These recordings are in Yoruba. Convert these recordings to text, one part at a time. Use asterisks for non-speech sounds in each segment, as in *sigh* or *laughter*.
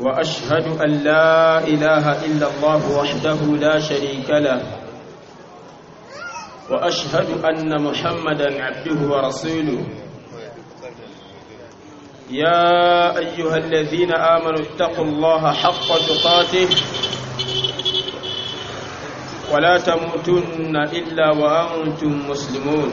واشهد ان لا اله الا الله وحده لا شريك له واشهد ان محمدا عبده ورسوله يا ايها الذين امنوا اتقوا الله حق تقاته ولا تموتن الا وانتم مسلمون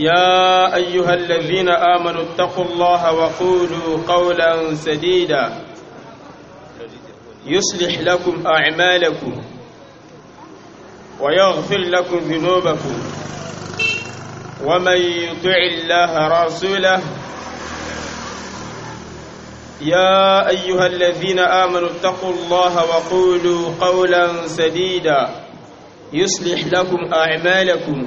يا أيها الذين آمنوا اتقوا الله وقولوا قولا سديدا يصلح لكم أعمالكم ويغفر لكم ذنوبكم ومن يطع الله رسوله يا أيها الذين آمنوا اتقوا الله وقولوا قولا سديدا يصلح لكم أعمالكم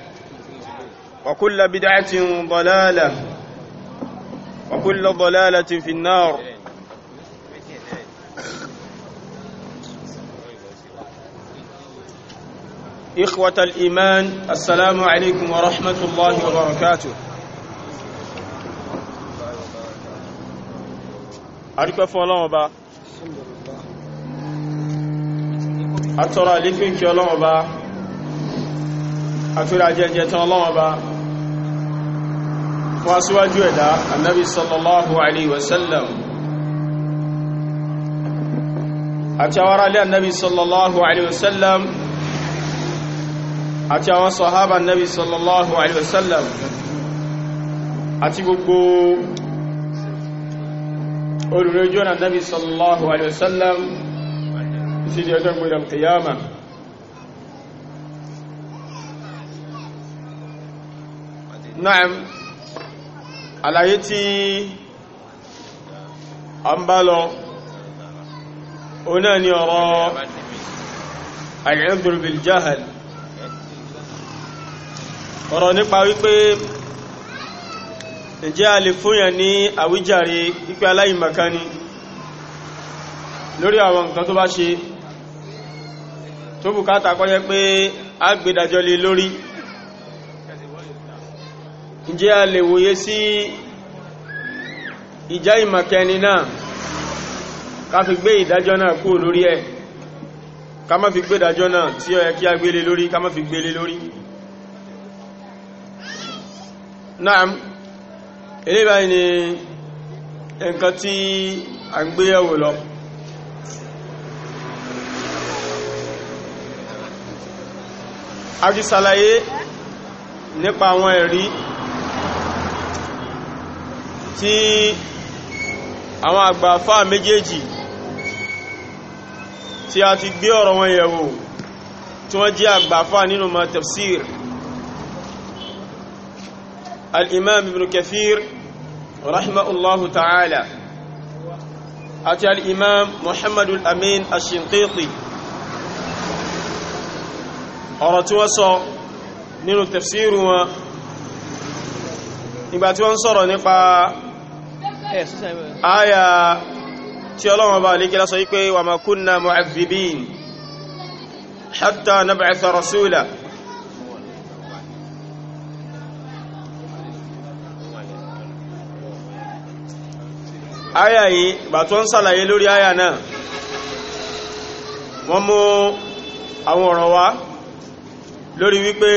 وكل بدعة ضلالة وكل ضلالة في النار إخوة الإيمان السلام عليكم ورحمة الله وبركاته أركب فلان أبا أترى لفنك كي الله أبا أترى جنجة الله أبا fún aṣíwájú ẹ̀dá annabi sallallahu alaihi wasallam àti àwọn aráalé annabi sallallahu alaihi wasallam àti àwọn sọ̀hábà annabi sallallahu alaihi wasallam àti gbogbo olùrẹ́jọ́ na annabi sallallahu alaihi wasallam sí di ọjọ́ gbọ́dọ̀ kìyàmà na'am àlàyé tí a ń bá lọ o náà ni ọ̀rọ̀ al-udhr bil jahl ọ̀rọ̀ nípa wípé ǹjẹ́ a lè fúnyà ní àwíjàre wípé aláìmọ̀kan ni lórí àwọn nǹkan tó bá ṣe tó bùkátà kò jẹ́ pé a gbé lórí ǹjẹ́ a lè wòye sí ìjá ìmọ̀kẹni náà ká fi gbé ìdájọ́ náà kú lórí ẹ̀ ká má fi gbé ìdájọ́ náà tí ó yẹ kí a gbélé lórí ká má fi gbélé lórí náà ilé báyìí ni nǹkan tí a ń gbé yẹ̀wò lọ a ti ṣàlàyé nípa àwọn ẹ̀rí tí àwọn àgbàfà méjèèjì tí a ti gbé ọ̀rọ̀ wọn yẹ̀wò tí wọ́n jẹ́ àgbàfà nínú ma tafsir al-imam ibn kathir rahimahullahu ta'ala àti al-imam muhammadul amin ọ̀rọ̀ tí wọ́n sọ nínú tafsir wọn nígbà tí wọ́n sọ̀rọ̀ nípa àyà tí Ọlọ́run bá lè kílá sọ wípé wà máa kunna mu'adhibin hatta nab'atha rasula àyà yìí bà tó ń sàlàyé lórí àyà náà wọ́n mú àwọn ọ̀rọ̀ wá lórí wípé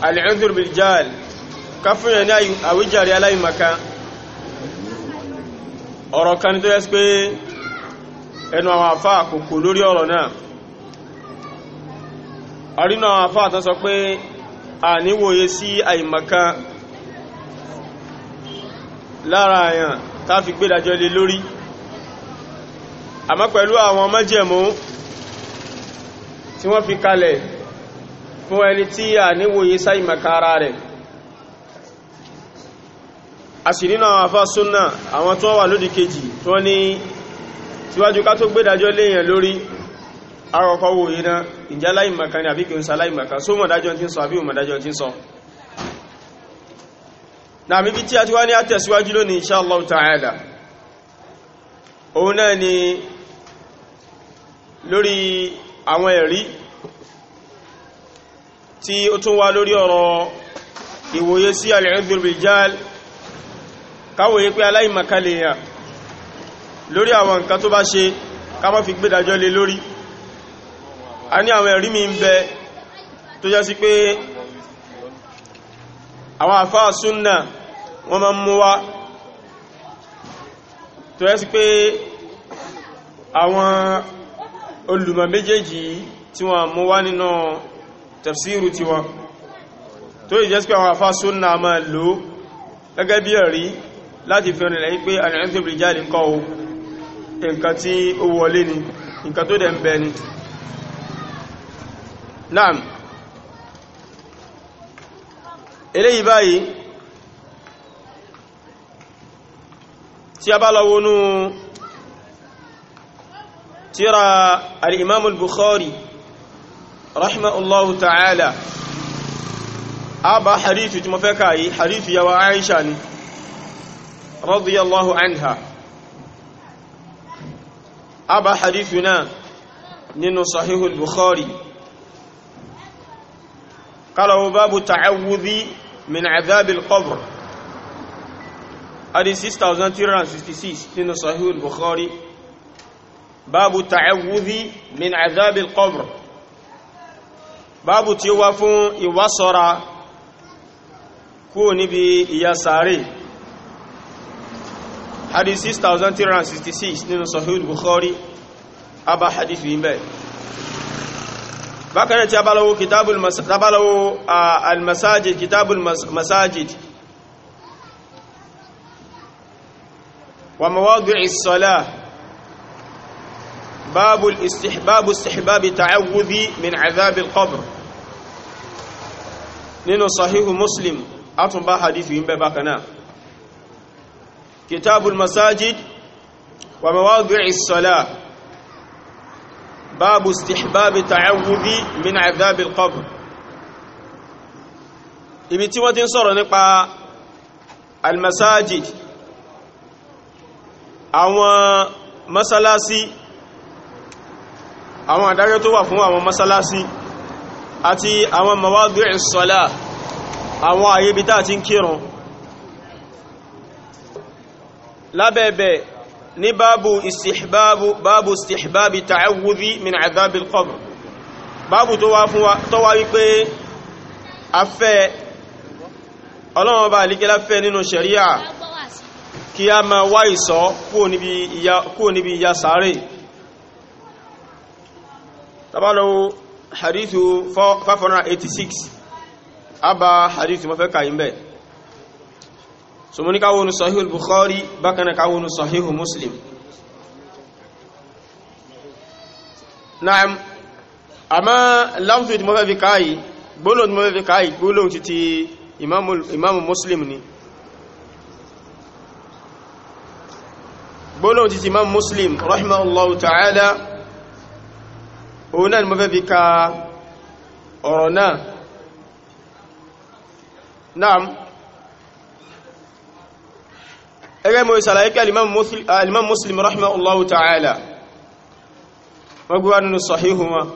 al'udhur bil jahl káfún yẹn ní àwíjàre aláìmaka ọ̀rọ̀ kan tó yẹ́ sí pé ẹnu àwọn àfá àkókò lórí ọ̀rọ̀ náà àrínà àwọn àfá àtọ́ sọ pé a níwòye sí àìmaka lára àyàn táfi gbédàjọ́ lé lórí àmọ́ pẹ̀lú àwọn májẹ̀mú tí wọ́n fi kalẹ̀ fún ẹni tí a níwòye sáì makara rẹ̀ a sì nínú àwọn afá súnnà àwọn tó wà lódì kejì tó ní síwájú ká tó gbédájọ́ léèyàn lórí àkọ́kọ́ wo iná ìjá ni àbí kí n sa láìmọ̀kan só mọ̀dájọ́ sọ àbí mọ̀dájọ́ tí ń sọ bí tí a ti insha ta'ala òun náà ni lórí àwọn tí ó tún wá lórí ọ̀rọ̀ ìwòye sí alẹ́rìndìrìbìjáàl káwòye pé aláìmọ̀kalẹ̀ èèyàn lórí àwọn nǹkan tó bá ṣe ká má fi gbédàjọ́ lé lórí a ní àwọn ẹ̀rí mi ń bẹ tó já sí pé àwọn àfáà súnnà wọ́n máa ń mú wá tó yẹ́ sí pé àwọn olùmọ̀ méjèèjì tí wọ́n mú wá nínú tafsiru ti wọn tó ìjẹ́ sí àwọn afá súnnà máa lò gẹ́gẹ́ bí ẹ̀rí láti fi rìnlẹ̀ pé àrìnrìn ríjáàlì kọ́ o nǹkan tí ó wọlé ni nǹkan tó dẹ̀ ń bẹ ni naam eléyìí báyìí tí a bá lọ wọnú tíra al-imam al-bukhari rahimahullahu ta'ala a bá harifi tí mo fẹ́ káyí harifi yawa aisha ni radiyallahu anha a bá harifi náà nínú sahihul bukhari kalawo babu ta'awudhi min azabil qabr adi 6366 nínú sahihul bukhari babu ta'awudhi min azabil qabr báàbù tí ó wá fún ìwásọ́ra kúrò níbi ìyà sàárè hadith 6366 nínú sahih bukhari abá hadith yìí bẹ́ẹ̀ bákan náà tí a bá lọ́wọ́ al-masajid kitabul masajid wa mawadi'is salah باب الاستحباب استحباب تعوذي من عذاب القبر نينو صحيح مسلم اتم با حديث ينبا بكنا كتاب المساجد ومواضع الصلاة باب استحباب تعوذي من عذاب القبر ابيتي ti سورو نيبا المساجد soro nípa àwọn masalasi àwọn àdájọ́ tó wà fún àwọn mọ́sálásí àti àwọn mawadu ìsọ́lá àwọn àyíbítà àti kírun lábẹ́ẹ̀bẹ̀ ní báàbù istihbabu báàbù istihbabi ta'awudhi min adhabil qabr báàbù tó wá wípé afẹ́ ọlọ́wọ́n bá alíkẹ́lá fẹ́ nínú ṣẹ̀ríà kí a máa wá ìsọ́ kúrò níbi ìyà sáré tabalawo hadithu 586 abba hadithu mafi kayin bẹ so mo ní ká wọnú sahihul bukhari bákanáà ká wọnú sahihu muslim na'am amma lafzu tí mo fẹ́ fi káyì gbólóhùn tí mo fẹ́ fi káyì gbólóhùn títí imamu muslim ni gbólóhùn títí imamu muslim rahimahullahu ta'ala òun náà ni mo fẹ́ fi ka ọ̀rọ̀ náà naam ẹgbẹ́ mo ìsàlàyé pé alimam muslim rahimahullahu ta'ala wọ́n gbé wá nínú sahihu wọn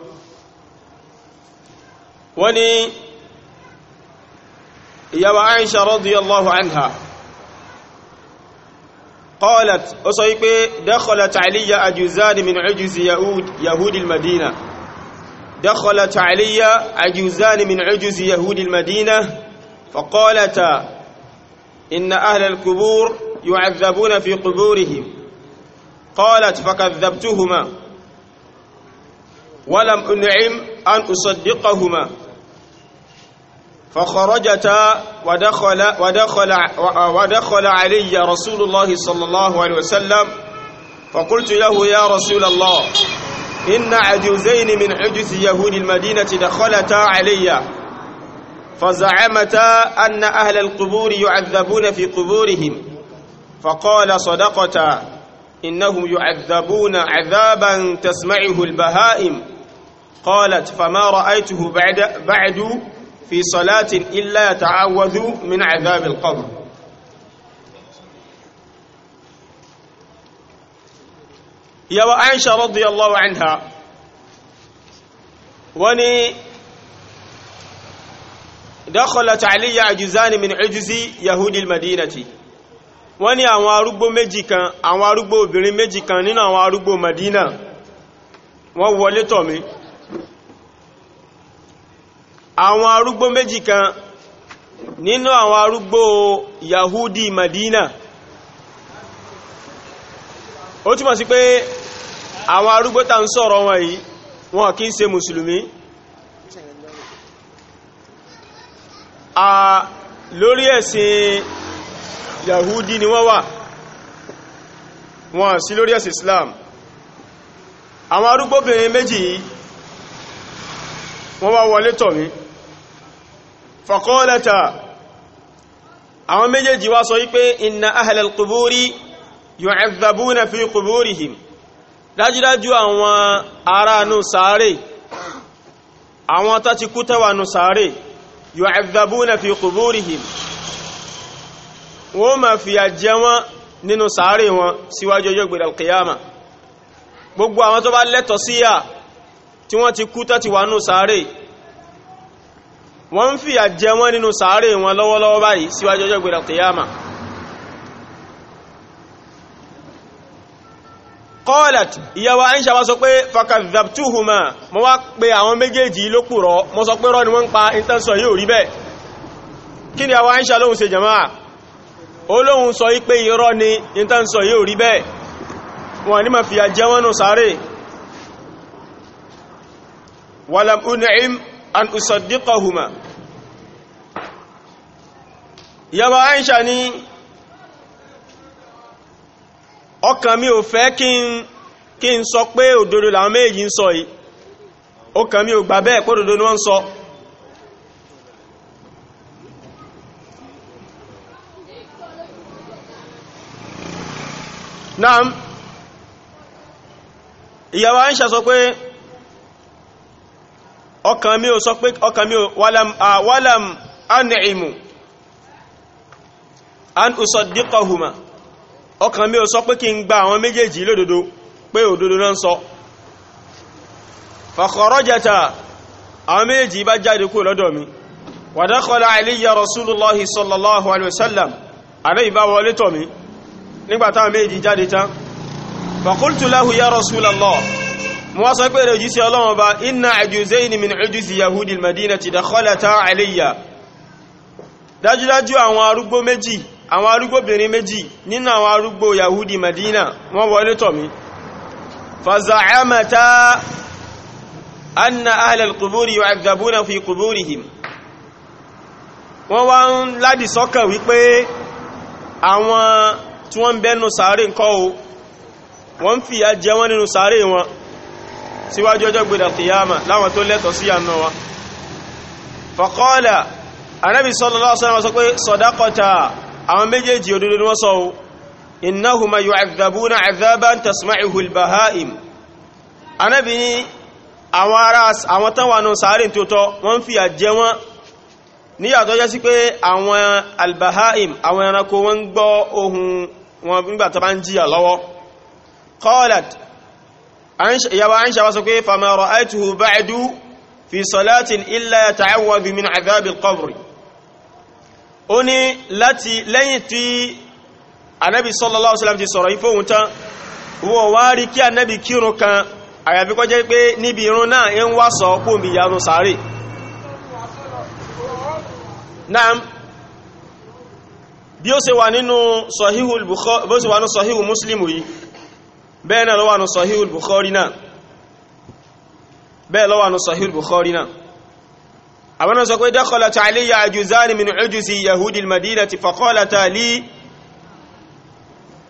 wọ́n ni ìyàwó aisha radiyallahu anha قالت أصيبي دخلت علي عجوزان من عجوز يهود يهود المدينة دخلت علي عجوزان من عجوز يهود المدينة فقالتا إن أهل القبور يعذبون في قبورهم قالت فكذبتهما ولم أنعم أن أصدقهما فخرجتا ودخل, ودخل, ودخل علي رسول الله صلى الله عليه وسلم فقلت له يا رسول الله إن عجوزين من عجوز يهود المدينة دخلتا علي فزعمتا أن أهل القبور يعذبون في قبورهم فقال صدقتا إنهم يعذبون عذابا تسمعه البهائم قالت فما رأيته بعد, بعد في صلاة إلا يتعوذوا من عذاب القبر يا عائشة رضي الله عنها وني دخلت علي عجزان من عجز يهود المدينة wọ́n ní àwọn arúgbó méjì kan àwọn arúgbó obìnrin méjì kan nínú àwọn arúgbó Madina wọ́n wọlé tọ̀ àwọn arúgbó méjì kan nínú àwọn arúgbó yahudi madina ó túmọ̀ sí pé àwọn arúgbó tá ń sọ̀rọ̀ wọn yìí wọn kì í ṣe mùsùlùmí a lórí ẹ̀sìn yahudi ni wọ́n wà wọn sí lórí ẹ̀sìn islam àwọn arúgbóbìnrin méjì yìí wọ́n wá wọlé tọ̀ mí faqalata àwọn méjèèjì wá sọ wípé inna ahlal quburi yu'adhabuna fi quburihim dájúdájú àwọn ará nù sáré àwọn tó ti kú tẹ́wà nù sáré yu'adhabuna fi quburihim wọ́n ma fìyà jẹ nínú sáré wọn síwájú ọjọ́ gbèrè alkiyama gbogbo àwọn tó bá lẹ́tọ̀ síyà tí wọ́n ti kú tó wà nù sáré wọ́n ń fìyà jẹ wọ́n nínú sàárè wọn lọ́wọ́lọ́wọ́ báyìí síwájú ọjọ́ gbèrè kìyàmà qalat ìyàwó Aisha wá sọ pé fakadhabtuhuma mo wá pé àwọn méjèèjì ló pùrọ́ sọ pé rọ́ wọ́n ń pa intanṣọ́ yóò rí bẹ́ẹ̀ kí ni àwọn Aisha lóhun ṣe jama'a olóhun sọ wípé irọ́ ni intanṣọ́ yóò rí bẹ́ẹ̀ wọn ni ma fìyà jẹ wọ́n an usaddiqahuma yaba aisha ní ọkàn mi ò fẹ́ kí n kí n sọ pé òdodo làwọn méjì ń sọ yìí ọkàn mi ò gbà bẹ́ẹ̀ pódodo ni wọ́n ń sọ naam ìyàwó aisha sọ pé ọkàn mi ò sọ pé ọkàn mi ò walam walam an'imu an usaddiqahuma ọkàn mi ò sọ pé kí n gba àwọn méjèèjì lódodo pé òdodo náà ń sọ fa kharajata àwọn méjèèjì bá jáde kúrò lọ́dọ̀ mi wa dakhala alayya rasulullahi mo wá sọ pé rẹ̀ òjísí ọlọ́run bá inna ajuzayni min ujuzi yahudi madina ti dakhalata alayya dájúdájú àwọn arúgbó méjì àwọn arúgbóbìnrin méjì nínú àwọn arúgbó yahudi madina wọ́n wọlé tọ̀ mí faza'amata anna ahlal quburi yu'adhabuna fi quburihim wọ́n wá ń ládì sọ́kàn wípé àwọn tí wọ́n ń bẹ́nu sàárè ńkọ́ o wọ́n ń fìyà jẹ nínú sàárè wọn síwájú ọjọ́ gbèrè kìyàmà láwọn tó lẹ́tọ̀ sí àánú wọn faqala anábì sallallahu alaihi wasallam sọ pé sadaqata àwọn méjèèjì òdodo ni wọ́n sọ o innahuma yu'adhabuna 'adhaban tasma'uhu al-baha'im anábì ní àwọn ará àwọn tán wà nù sàárè tó ìyàwó àìṣà wá sọ pé fama ra'aytuhu ba'du fi salatin illa yata'awwadu min adhabil qabri ó ní láti lẹ́yìn tí anábi sallallahu alaihi wasallam ti sọ̀rọ̀ ifóhun tán wọ́n wá rí kí anábi kírun kan àyàfi kó jẹ́ pé níbi irun náà ń wá bí ó ṣe wà nínú sahihu Muslim yìí bẹ́ẹ̀ náà ló wà ní Sahihul Bukhari náà bẹ́ẹ̀ ló wà ní Sahihul Bukhari náà àwọn náà sọ pé dakhalat alayya ajuzani min ujuzi yahudi al-madinati faqalata li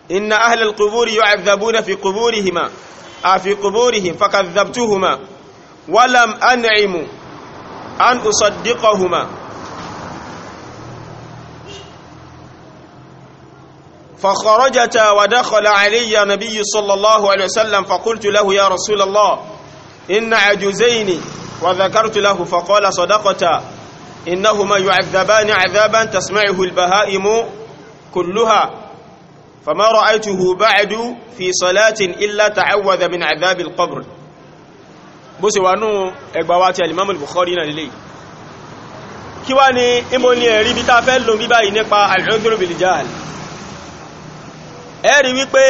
inna ahla al-quburi yu'adhabuna fi quburihima في قبورهم فكذبتهما ولم أنعم أن أصدقهما فخرجت ودخل علي نبي صلى الله عليه وسلم فقلت له يا رسول الله إن عجوزين وذكرت له فقال صدقتا إنهما يعذبان عذابا تسمعه البهائم كلها فما رأيته بعد في صلاة إلا تعوذ من عذاب القبر بس وانو اقبوات الإمام البخاري للي كيواني إموني ريبتا فلن بباي نقبا العذر بالجهل ẹ̀rí wípé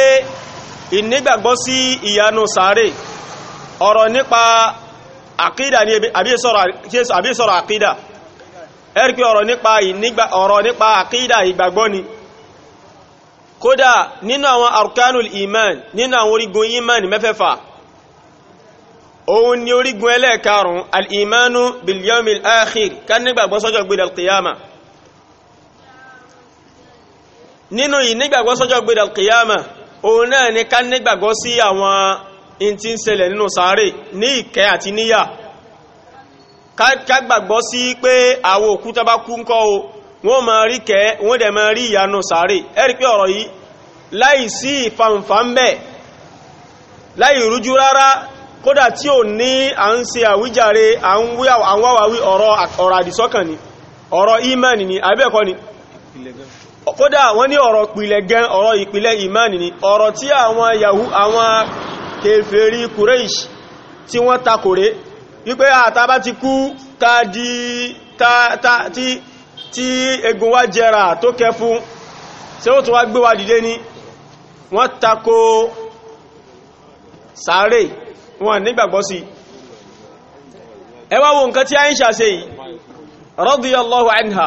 ìnígbàgbọ́ sí ìyanu sàárè ọ̀rọ̀ nípa àkídà ní àbísọ̀rọ̀ àkídà ẹ̀rí pé ọ̀rọ̀ nípa àkídà ìgbàgbọ́ ni kódà nínú àwọn arkanul iman nínú àwọn orígun iman mẹ́fẹ́fà òun ni orígun ẹlẹ́ẹ̀karùn-ún al-imanu bil yawmil akhir ká nígbàgbọ́ al-qiyama nínú ìnígbàgbọ́ sọ́jọ́ gbé dàlkìyàmà òun náà ni ká nígbàgbọ́ sí àwọn in tí ń ṣẹlẹ̀ nínú sàárè ní ìkẹ́ àti níyà ká gbàgbọ́ sí pé àwọn òkú tó bá kú ń kọ́ o wọ́n máa rí kẹ́ wọ́n dẹ̀ máa rí ìyanu sàárè ẹ̀rí pé ọ̀rọ̀ yìí láì sí ìfàǹfà ń bẹ̀ láì rújú rárá kódà tí ò ní à ń ṣe àwíjàre àwọn wáwàwí ọ̀rọ̀ àdìsọ́kàn ni ọ̀rọ̀ ìmánì ni àbẹ́ẹ̀kọ́ ni kódà wọ́n ní ọ̀rọ̀ ìpìlẹ̀ gan ọ̀rọ̀ ìpìlẹ̀ ìmáni ni ọ̀rọ̀ tí àwọn yahoo àwọn kèfèrí Quraysh tí wọ́n takòrè wípé àtàbá ti kú ta di ta ti tí egun wá jẹra tó kẹ fún tí ó tún wá gbé wa dìde ní wọ́n tako sáré wọn nígbàgbọ́ sí ẹ wá wo nǹkan tí Aisha ṣe yìí radiyallahu anha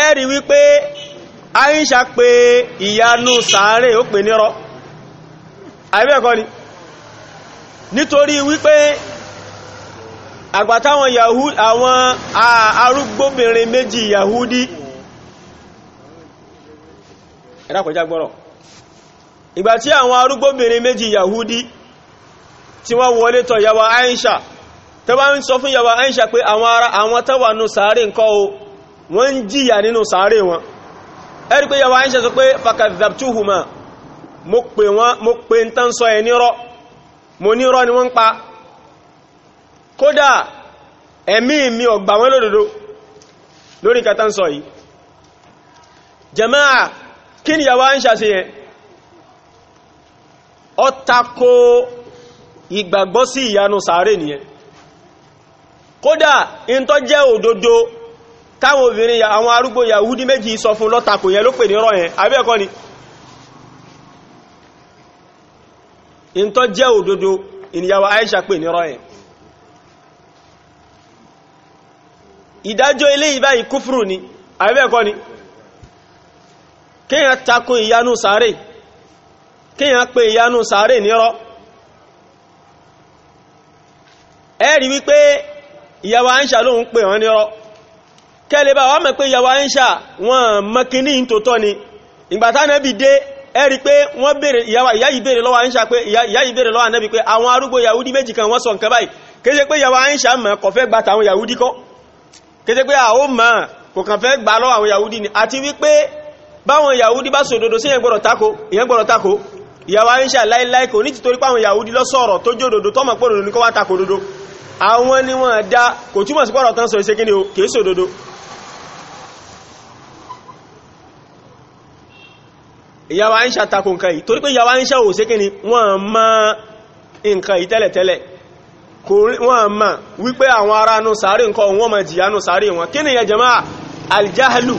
ẹ rí wípé Aisha pé ìyanu sàárè ó pè nírọ́ àìbẹ́ẹ̀kọ́ ni nítorí wípé àgbàtáwọn Yahudi àwọn arúgbóbìnrin méjì Yahudi ẹ̀dàkọjá gbọ́rọ̀ ìgbàtí àwọn arúgbóbìnrin méjì Yahudi tí wọ́n wọlé tọ̀ yawa Aisha tó bá ń sọ fún yàwó Aisha pé àwọn ará àwọn tọ́wà nù sàárè ńkọ́ o wọ́n ń jìyà nínú sàárè wọn ẹ̀rí pé yàwó àyíṣẹ́ sọ pé fakadhabtuhuma mo pè wọ́n mo pè ń tán sọ ẹ̀ mo nírọ́ ni wọ́n ń pa kódà ẹ̀mí mi ò gbà wọ́n lódodo lórí kàtà ń sọ yìí jàmáà kí ni yàwó àyíṣẹ́ sí yẹn ó tako ìgbàgbọ́ sí ìyanu sàárè nìyẹn kódà in tó táwọn obìnrin àwọn arúgbó yahudi méjì sọ fún lọ́takò yẹn ló pè ní rọ́yẹn àbí ni in tó jẹ́ ìníyàwó Aisha pè ní rọ́yẹn ìdájọ́ ilé ìbáyìí ikufuru ni àbí ni kíyàn takò ìyanu sáré kíyàn pè ìyanu sáré nírọ́ ẹ̀rí wípé ìyàwó Aisha lóhun pè wọ́n nírọ́ kẹ́lẹ̀ bá wà mọ̀ pé yàwó àyíṣà wọn mọ́kíní tòótọ́ ni ìgbàtà nẹ́bì dé ẹ̀rí pé wọ́n bèèrè ìyá yìí bèèrè lọ́wọ́ àyíṣà pé ìyá yìí bèèrè lọ́wọ́ ànẹ́bì pé àwọn arúgbó yahudi méjì kan wọ́n sọ nǹkan báyìí kéje pé yàwó àyíṣà mọ̀ kò fẹ́ gbà tàwọn yahudi kọ́ kéje pé àwọn mọ̀ kò kàn fẹ́ gbà lọ́wọ́ àwọn yahudi ni àti wípé báwọn yahudi bá sòdodo sí ìyẹn gbọ́dọ̀ tako ìyẹn gbọ́dọ̀ tako ìyàwó àyíṣà láíláí kò ní tìtorí pé àwọn yahudi lọ sọ̀rọ̀ tó jódodo tọ́mọ̀ pòdodo ní kọ́ wá tako dodo àwọn ni wọ́n dá kò túmọ̀ sí pọ̀rọ̀ tán sọ ìṣe kí ni o kìí sòdodo ìyàwó àìṣà takò nǹkan yìí torí pé ìyàwó àìṣà ò sí kíni wọ́n mọ̀ nǹkan yìí tẹ́lẹ̀tẹ́lẹ̀ wọ́n mọ̀ wípé àwọn ará nù sàárè nǹkan wọ́n mọ̀ jìyà nù sàárè wọn kí ni yẹ jẹ́mọ́ aljahlu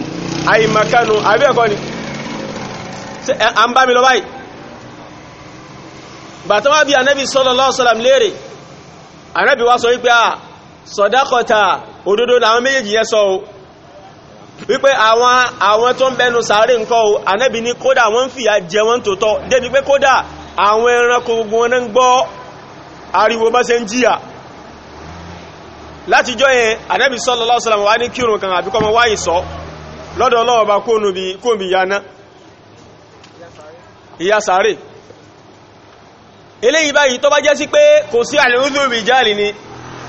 àìmọ̀kánu àbẹ́ẹ̀kọ́ ni sallallahu alaihi wasallam léèrè anábì wá sọ wípé à ah, sọ̀dákọ̀ta òdodo làwọn wípé àwọn àwọn tó ń bẹnu sàárè nǹkan o ànábì ní kódà wọ́n ń fìyà jẹ wọ́n tòótọ́ débi pé kódà àwọn ẹranko gbogbo wọn ń gbọ́ ariwo bá ṣe ń jìyà látijọ́ yẹn ànábì sallallahu alaihi wasallam wá ní kírun kan àbíkọ́ ọmọ wáyì sọ lọ́dọ̀ Ọlọ́run bá kóònù bí kóònù bí yaná ìyá sàárè eléyìí báyìí tó bá jẹ́ sí pé kò sí àlẹ́rúdùn rìjáàlì ni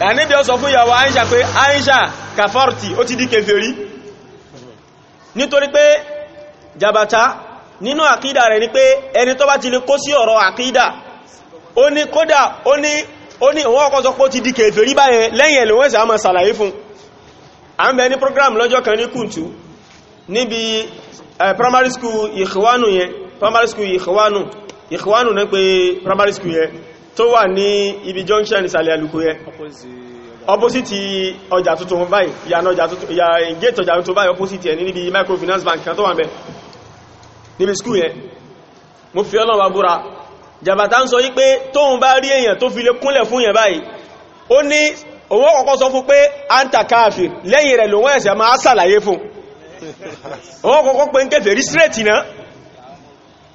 ànábì ó sọ fún ìyàwó Aisha pé Aisha kàfọ́rtì ó ti di kèfèrí nítorí pé jàbàtá nínú àkídà rẹ̀ ni pé ẹni tó bá ti lè kó sí ọ̀rọ̀ àkídà ó ní kódà ó ní ó ní ìwọ́n ọkọ̀ sọ pé ó ti di kèfèrí báyẹn lẹ́yìn ẹ̀lẹ́wẹ̀ẹ́sì àmọ́ sàlàyé fún à ń bẹ program lọ́jọ́ kan ní kùntù níbi eh, primary school ìkìwánù yẹn primary school ìkìwánù ìkìwánù ní pé primary school yẹn tó wà ibi junction ìsàlẹ̀ àlùkò yẹn Opposite, ọjà tuntun báyìí ìyànà ọjà tuntun ìyà gẹ́ẹ̀tì ọjà tuntun báyìí ọpọsítì ẹni níbi microfinance bank kan tó wà ń bẹ níbi skúl yẹn mo fi Ọlọ́run wa búra jàbàtà ń sọ yí pé tóun bá rí èèyàn tó fi lè kúnlẹ̀ fún yẹn báyìí ó ní owó kọ́kọ́ sọ fún pé anta káàfì lẹ́yìn rẹ̀ lòun ẹ̀sẹ̀ máa sàlàyé fún owó kọ́kọ́ pé ń kẹfẹ̀ rí straight náà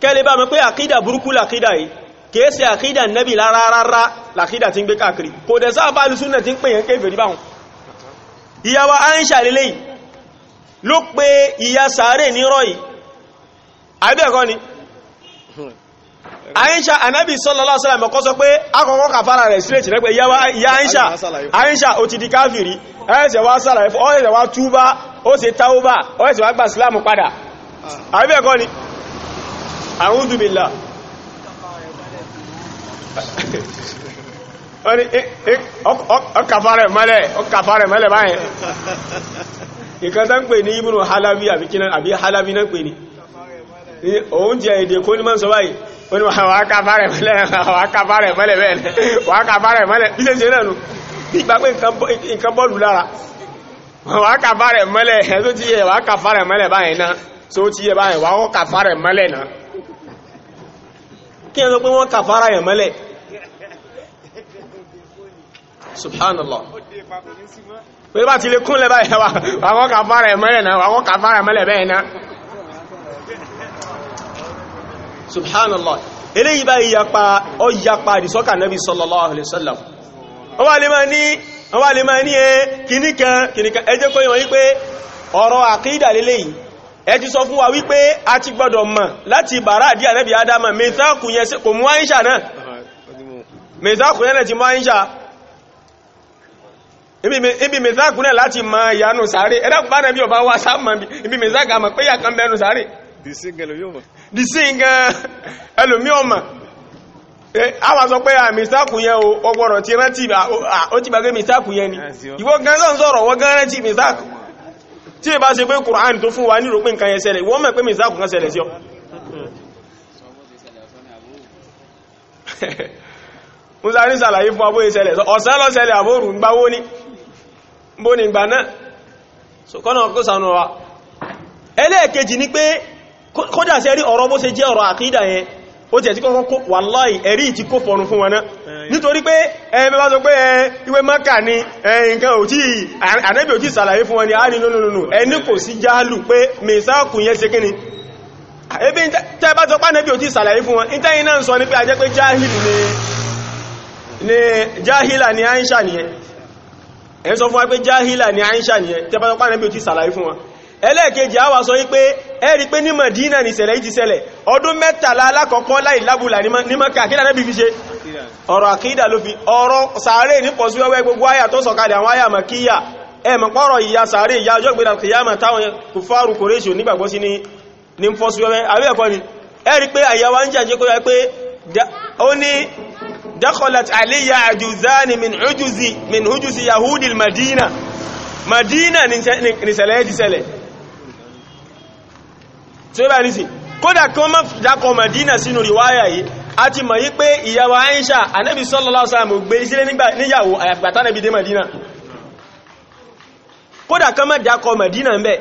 kẹ́lẹ́ bá mi pé àkídà burúkú làkídà yìí kèése àkídà nẹ́bì rárára làkídà ti ń gbé káàkiri kò dẹ̀ sáà bá lùsúnà ti ń pè yẹn kéfèrí báhùn ìyàwó àìṣà lélẹ̀ yìí ló pé ìyà sàárè ní rọ́yì àìbẹ̀ẹ̀kọ́ ni àìṣà ànábì sallallahu alaihi wasallam kò sọ pé akọ̀kọ́ kàfàrà rẹ̀ sílẹ̀ tìrẹ́pẹ̀ ìyàwó àìṣà àìṣà ó ti di káfìrí ẹ̀ẹ́sẹ̀ wá sàlàyé fún ọ́ẹ̀sẹ̀ wá túbá ó ṣe táúbà ọ́ẹ̀sẹ̀ wá gbà sílámù padà àìbẹ̀ẹ̀kọ́ ni a'udhu billah onu ní ọkàfàrẹ̀ mọ́lẹ̀ ọkàfàrẹ̀ mọ́lẹ̀ báyìí ìkan tán pè ní ibùnú halabi àbí halabi náà pè ní oúnjẹ èdè kó ní mọ́ sọ báyìí ó ní wà kàfàrẹ̀ mọ́lẹ̀ wà kàfàrẹ̀ mọ́lẹ̀ bẹ́ẹ̀ wà kàfàrẹ̀ mọ́lẹ̀ bí ṣe ṣe náà nù ìgbà pé nǹkan bọ́ọ̀lù lára wà kàfàrẹ̀ mọ́lẹ̀ ẹ̀ tó ti yẹ wà kàfàrẹ̀ mọ́lẹ̀ báyìí náà tó kí ẹ̀sọ pé wọ́n kàfàrà yàn mọ́lẹ̀ subhanallah pé bá ti lè kúnlẹ̀ báyìí *laughs* àwọn kàfàrà yàn mọ́lẹ̀ náà àwọn kàfàrà yàn mọ́lẹ̀ bẹ́ẹ̀ náà subhanallah eléyìí báyìí yapa ọ yapa àdìsọ́kà nabi sallallahu alaihi wasallam wọ́n wà lè máa ní wọ́n wà lè máa ní ẹ ti sọ fún wa wípé a ti gbọdọ̀ mọ̀ láti bàrá àdí àrẹ́bì adama mẹ́tàkù yẹn sí kò mú àyíṣà náà mẹ́tàkù yẹn ti mú àyíṣà ibi mẹ́tàkù náà láti mọ ìyanu sáré ẹ̀dàkùnbá náà ọba wá sáàmà ibi mẹ́tàkù àmà pé yàkan bẹ́nu sáré àwọn sọ pé mẹ́tàkù yẹn o ọgbọ̀rọ̀ rántí ó ti yẹn ni rántí tí ẹ bá ṣe pé Kùránì tó fún wa ní ròpín nǹkan yẹn ṣẹlẹ̀ wọ́n mẹ́ pé mìsáàkù kan ṣẹlẹ̀ sí ọ *laughs* musa ní sàlàyé fún abóyé ṣẹlẹ̀ ọ̀sán lọ ṣẹlẹ̀ àbórù ń gbáwó ní bó ní ìgbà náà so kọ́nà kó sànú wa ẹlẹ́ẹ̀kejì ní pé sí ẹrí ọ̀rọ̀ bó ṣe jẹ́ ọ̀rọ̀ àkídà yẹn ó tẹ̀ tí kọ́kọ́ ẹ̀rí ti nítorí pé ẹgbẹ́ bá sọ pé ìwé maka ni nǹkan ò tí ànábì ò tí sàlàyé fún wọn ni a ní lónìí ẹni kò sí jálù pé mẹ́sàkùn yẹ́ ṣe kíni ebi tẹ́ bá sọ ò tí sàlàyé fún wọn jahila ni Aisha nìyẹn ẹ sọ jahila ni Aisha nìyẹn tẹ́ bá sọ pé ànábì ò tí sàlàyé fún wọn ẹlẹ́ẹ̀kejì àwà sọ wípé ẹ̀rí pé ní Madina ni ṣẹlẹ̀ yìí ti ṣẹlẹ̀ ọdún mẹ́tàlá alákọ̀ọ́kọ́ láìlábùlà ní Mákà kí lànà bí fi ṣe ọ̀rọ̀ àkídà ló fi ọ̀rọ̀ sàárè ní pọ̀ sí wẹ́wẹ́ gbogbo àyà tó sọ̀kalẹ̀ àwọn àyà mọ̀kíyà ẹ̀mọ̀ pọ̀rọ̀ ìyá sàárè ìyá ọjọ́ ìgbéra kìyàmà táwọn kùfàrù kòrèṣò nígbàgbọ́ sí ní fọ́ sí wẹ́wẹ́ àwẹ́ẹ̀kọ́ ni ẹ̀rí pé àyàwó ń jẹ́ kó yẹ pé ó ní dakhalat alayya ajuzani min ujuzi min ujuzi yahudi madina madina ni ṣẹlẹ̀ ti ṣẹlẹ̀ tí ó bá ní sí kódà kí wọ́n má dákọ̀ madina sínú riwáyà yìí a ti mọ̀ yí pé ìyàwó Aisha anẹ́bì sallallahu alaihi wasallam gbé sílé níyàwó àyàgbàtánẹ́bì dé Madina kódà kan mọ́ dákọ Madina ń bẹ̀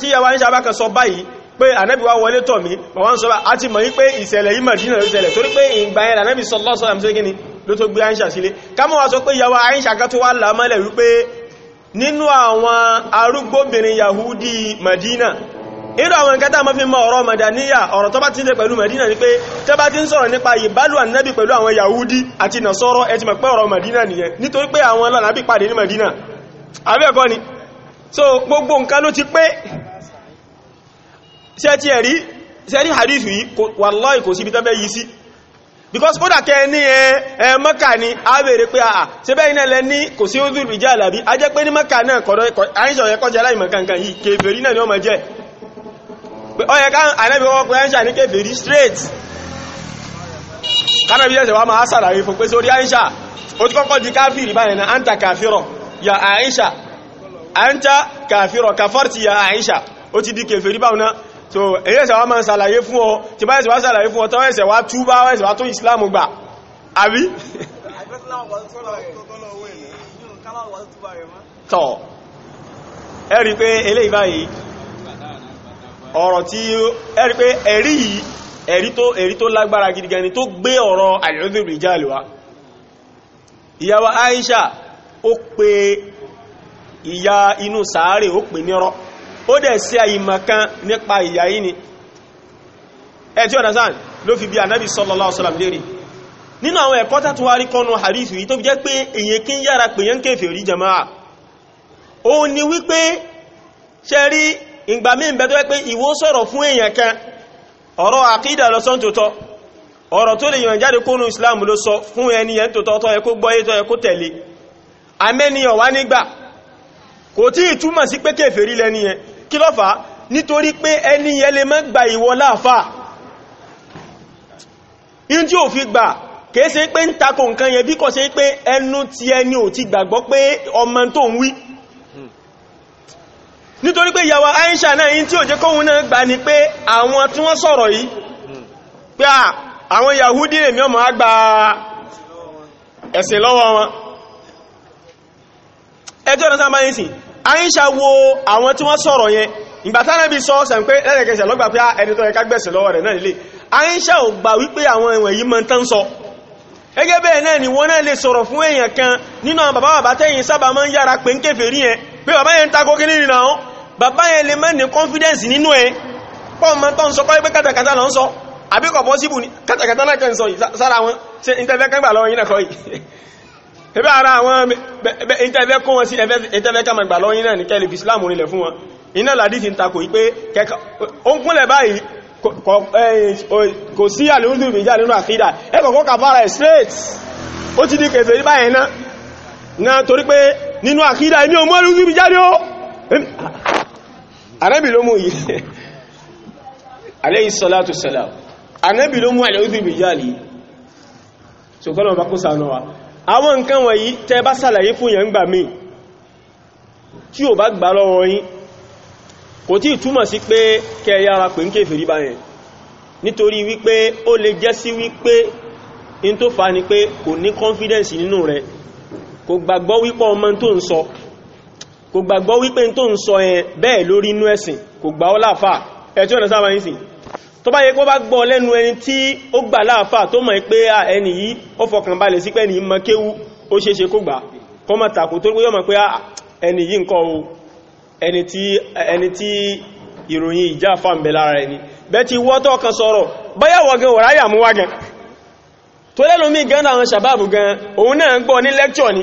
tí ìyàwó Aisha bá kan sọ báyìí pé ànábì wá wọlé tọ̀ mí ma wọ́n sọ́bá a ti mọ̀ yí pé ìṣẹ̀lẹ̀ yí Mádínà ló sallallahu alaihi wasallam sí gíní ló tó gbé àyíṣà sílé kámọ́ wá sọ pé yàwó àyíṣà ká tó wá làmọ́lẹ̀ Yahudi Mádínà irú àwọn nǹkan tá ma máa fi mọ ọ̀rọ̀ mọ̀dàníyà ọ̀rọ̀ tó ti lè pẹ̀lú mẹ̀dínà ni pé tẹ́ bá ti ń sọ̀rọ̀ nípa ìbálò ànábì pẹ̀lú àwọn yahudi àti nàsọ́rọ̀ ẹ ti mọ̀ pé ọ̀rọ̀ mẹ̀dínà nìyẹn nítorí pé àwọn lọ́nàbí pàdé ní mẹ̀dínà abẹ́ẹ̀kọ́ ni so gbogbo nkalo ti pé ṣe ti ọyẹ ká ànábì wọn pé Aisha ní kèfèrí straight kánàbí ẹsẹ̀ wa máa sàlàyé fún pé sórí Aisha ó ti kọ́kọ́ di káfìrí báyìí náà anta kàfírọ̀ ya Aisha anta kàfírọ̀ kàfọ́rtì ya Aisha ó ti di kèfèrí báyìí náà so èyí ẹsẹ̀ wa máa sàlàyé fún ọ tí bá ẹsẹ̀ wa sàlàyé fún ọ tọ́ ẹsẹ̀ wa túbá ẹsẹ̀ wa tó Islam gbà àbí tọ́ ẹ̀rí pé eléyìí báyìí ọ̀rọ̀ tí ẹ̀rí pé ẹ̀rí yìí ẹ̀rí tó ẹ̀rí tó lágbára gidigan ni tó gbé ọ̀rọ̀ àìlọ́dẹ̀rù ìjáàlù wa ìyàwó Aisha ó pe ìyà inú sàárè ó pè nírọ́ ó dẹ̀ sí àyìmọ̀ kan nípa ìyà yìí ni ẹ tí ọ̀nà sáà ló fi bí anábì sallallahu alaihi wasallam lérí nínú ìgbà mí ń bẹ tó yẹ pé ìwọ sọ̀rọ̀ fún èèyàn kan ọ̀rọ̀ àkídà lọ sọ́n tòótọ́ ọ̀rọ̀ tó lè yàn jáde kónú Islam ló sọ fún ẹni yẹn tòótọ́ tó yẹ kó gbọ́yé tó yẹ kó tẹ̀lé amẹ́niyàn wá nígbà kò tí ì túmọ̀ sí pé kèfèrí lẹ́ni yẹn kí ló fà á nítorí pé ẹni yẹn lè má gba ìwọ láàfà nítorí pé ìyàwó Aisha náà yí tí ò jẹ́ kóhun náà gbà ní pé àwọn tí wọ́n sọ̀rọ̀ yìí pé àwọn Yahudi rẹ̀ mìíràn máa gba ẹ̀sìn lọ́wọ́ wọn ẹjọ́ ọ̀nà sáàmà yìí Aisha wo àwọn tí wọ́n sọ̀rọ̀ yẹn ìgbàtánẹ́bí sọ sẹ̀ pé lẹ́rẹ̀kẹsẹ̀ lọ́gbà pé ẹni tó yẹ ká gbẹ̀sìn lọ́wọ́ rẹ̀ náà nílé Aisha ò gbà wípé àwọn ìwọ̀n yìí mọ́ tán ni wọ́n náà lè sọ̀rọ̀ fún èèyàn kan nínú àwọn bàbá bàbá tẹ́yìn sábà máa ń pé bàbá yẹn takò kí ní ìrìnà ọ́n bàbá yẹn lè mẹ́ni confidence nínú ẹ̀ pọ́ọ̀mọ́ tó ń sọ pé kátàkátà lọ ń sọ àbíkọ̀ possible ní kátàkátà láìkẹ́ ń sọ sára wọn ṣe ìtẹ́fẹ́ kẹ́gbà lọ́wọ́ yín nẹ́kọ́ yìí ẹbẹ́ ara àwọn ìtẹ́fẹ́ kún wọn sí ìtẹ́fẹ́ kẹ́mà gbà lọ́wọ́ yín náà *laughs* ní kẹ́lì fi Islam nílẹ̀ nínú àkídà èmi ò mọ́ lórí ibi jáde ó ànábì ló mú yìí alayhi salatu salam ànábì ló mú àlẹ́wọ́dún ibi jáde ṣùgbọ́n ọba kó sànà wa àwọn nǹkan wọ̀nyí tẹ́ bá sàlàyé fún yẹn gbà mí tí ò bá gbà lọ́wọ́ yín kò tí túmọ̀ sí pé kẹyàra pè ń kéfèrí báyẹn nítorí wípé ó lè jẹ́ sí wípé in tó fa ni pé kò ní confidence nínú rẹ̀ kò gbàgbọ́ wípé ọmọ tó ń sọ kò gbàgbọ́ wípé tó ń sọ ẹ bẹ́ẹ̀ lórí inú ẹ̀sìn kò gbà ọ́ láàfà ẹ̀tí ọ̀nà sábà ní sìn tó bá yẹ kó bá gbọ́ lẹ́nu ẹni tí ó gbà láàfà tó mọ̀ pé ẹni yìí ó fọkàn balẹ̀ sí pé ẹni yìí mọ kéwú ó ṣeéṣe kó gbà kó mọ̀ tàkù tó gbé yọmọ̀ ni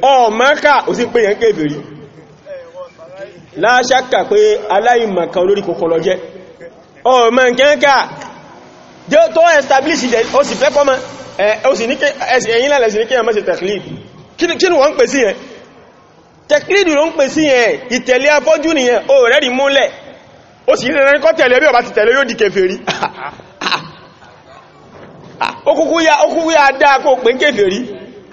ọmọ́ká ò sí pé yẹn kèfèrí láṣákà pé aláìmọ̀kan olórí kòkòrò jẹ́ ọmọ nkẹ́ǹkà jẹ́ tó establish jẹ́ ó sì fẹ́ kọ́mọ́ ẹ̀yìn lálẹ̀ sí ní kí ẹmọ́ sí tẹ̀klid kí ni wọ́n ń pè sí yẹn tẹ̀klid ló ń pè sí yẹn ìtẹ̀lé afọ́jú nìyẹn ó rẹ̀ rí múlẹ̀ ó sì rẹ̀ kọ́ tẹ̀lé bí ó bá ti tẹ̀lé yóò di kèfèrí *laughs* ó kúkú ya dáa kó pè ń kèfèrí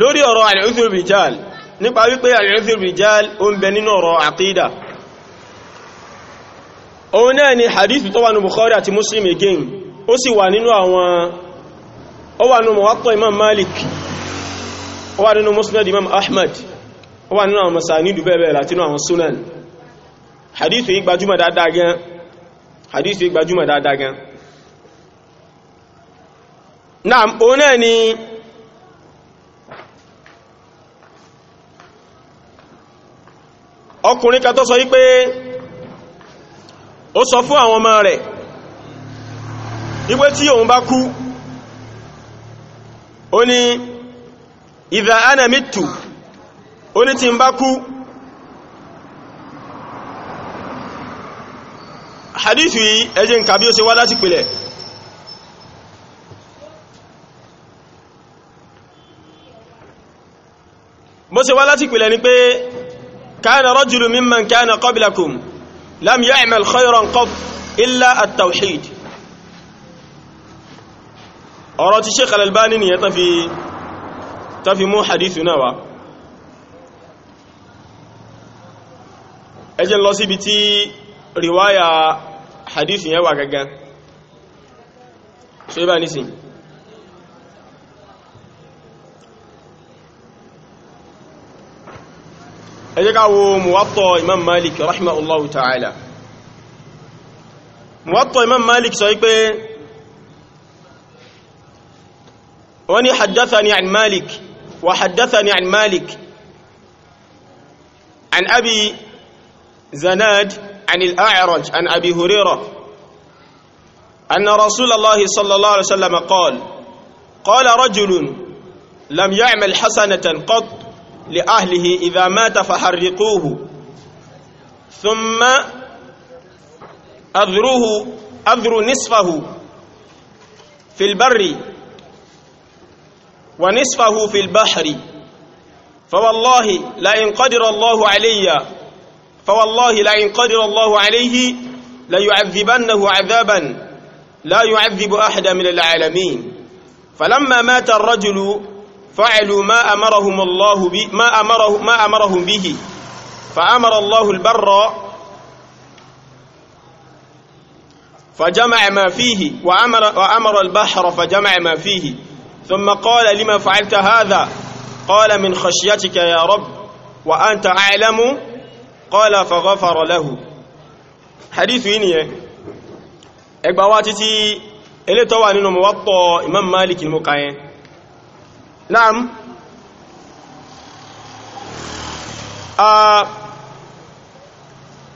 lórí ọ̀rọ̀ al-udhur rijal nípa wípé al-udhur rijal ó ń bẹ nínú ọ̀rọ̀ àkídà òun náà ni hadith tó wà ní Bukhari àti Muslim again ó sì wà nínú àwọn ó wà nínú Muwatta Imam Malik ó wà nínú Musnad Imam Ahmad ó wà nínú àwọn masanidu bẹ́ẹ̀bẹ́ẹ̀ láti àwọn sunan hadith yìí gbajúmọ̀ dáadáa gan ọkùnrin kan tó sọ wípé ó sọ fún àwọn ọmọ rẹ̀ wípé tí òun bá kú ó ní ìdá anamitu ó ní tí ń bá kú hadithu yìí ẹjẹ́ nǹkan bí ó ṣe wá láti pìlẹ̀ bó ṣe wá láti pìlẹ̀ ni pé كان رجل ممن كان قبلكم لم يعمل خيرا قط إلا التوحيد أرات الشيخ الألباني يتفي تفي مو حديثنا و أجل الله سيبتي رواية حديث يوا كغان سيبا نسي ẹ jẹ́ ká wo muwatta imam malik rahimahullahu ta'ala muwatta imam malik sọ wípé wọ́n ni haddathani an malik wa haddathani an malik an abi zanad an al-a'raj an abi hurairah anna rasulallahi sallallahu alaihi wasallam qala qala rajulun lam ya'mal hasanatan qat لأهله إذا مات فحرقوه ثم أذروه أذروا نصفه في البر ونصفه في البحر فوالله لئن قدر الله علي فوالله لئن قدر الله عليه ليعذبنه عذابا لا يعذب أحدا من العالمين فلما مات الرجل فعلوا ما أمرهم الله بي ما أمره ما أمرهم به فأمر الله البر فجمع ما فيه وأمر وأمر البحر فجمع ما فيه ثم قال لما فعلت هذا قال من خشيتك يا رب وأنت أعلم قال فغفر له حديث إني أكبر إلي توانين نموطو إمام مالك المقاين naam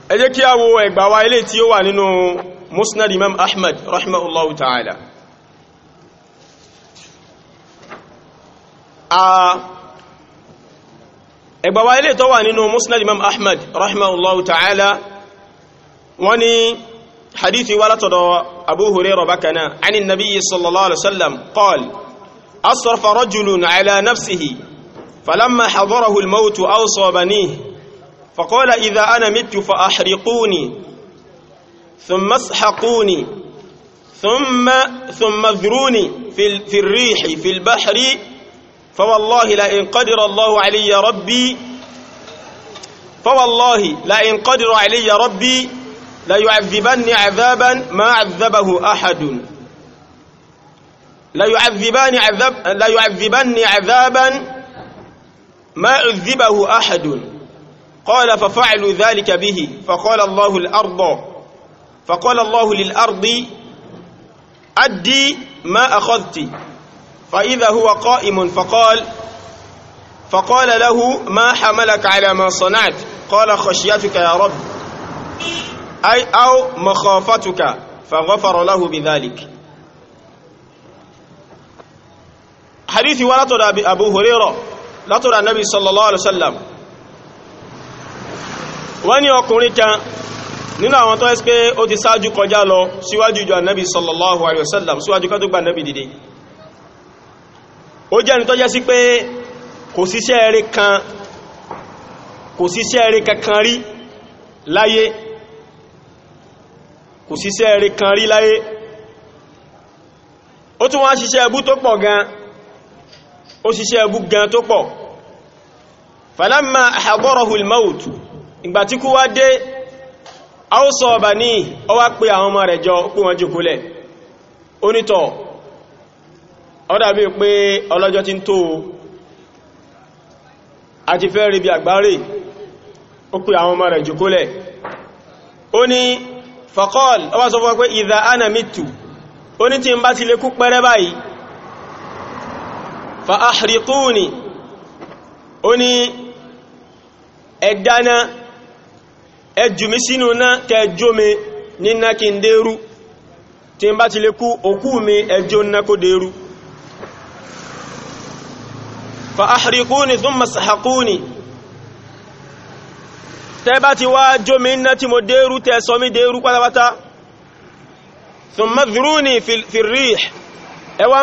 ẹ jẹ́ kí a wo ẹgbà wa ilé tí ó wà nínú musnad imam ahmad rahimahullahu ta'ala ẹgbà wa ilé tó wà nínú musnad imam ahmad rahimahullahu ta'ala wọ́n ni hadithi wá látọ̀dọ̀ abu hurairah bákanáà anin nabiyyi sallallahu alaihi wasallam qala أصرف رجل على نفسه فلما حضره الموت أوصى بنيه فقال إذا أنا مت فأحرقوني ثم اسحقوني ثم ثم اذروني في, في الريح في البحر فوالله لئن قدر الله علي ربي فوالله لئن قدر علي ربي ليعذبني عذابا ما عذبه أحد لا يعذبان عذاب لا يعذبني عذابا ما عذبه أحد قال ففعلوا ذلك به فقال الله الأرض فقال الله للأرض أدي ما أخذت فإذا هو قائم فقال فقال له ما حملك على ما صنعت قال خشيتك يا رب أي أو مخافتك فغفر له بذلك حديث wá látọ̀dọ̀ Abu Hurairah látọ̀dọ̀ Nabi sallallahu alaihi wasallam wọ́n ní ọkùnrin kan nínú àwọn tó ẹ́sì pé ó ti sáájú kọjá lọ síwájú ìjọ Nabi sallallahu alaihi wasallam síwájú ká tó gba Nabi dìde ó jẹ́ ni tó jẹ́ sí pé kò síṣẹ́ eré kan kò síṣẹ́ eré kankan rí láyé kò síṣẹ́ eré kan rí láyé ó tún wá ṣiṣẹ́ ẹbú tó pọ̀ gan ó ṣiṣẹ́ ẹbú gan tó pọ̀ falamma ahadarahu al ìgbà tí kú wá dé awsa bani ó wá pé àwọn ọmọ rẹ̀ jọ pé wọ́n jùkúlẹ̀ onítọ̀ ó dàbí pé ọlọ́jọ́ ti ń tó àti fẹ́ rí bí àgbárí ó pé àwọn ọmọ rẹ̀ jùkúlẹ̀ ó ní faqal ó sọ fún pé idha ana mitu ó ní tí ń bá ti lè kú pẹ́rẹ́ báyìí fa ahriquni ó ní ẹ̀dáná ẹjùmí sínú náà kẹjọ́mi nínà kí n dérú tí n bá ti lè kú òkú mi ẹjọ́ náà kó dérú fa ahriquni thumma tẹ́ bá ti wá jómi ná tí mo dérú tẹ́ sọ mí dérú pátápátá thumma dhruni fi rih ẹ wá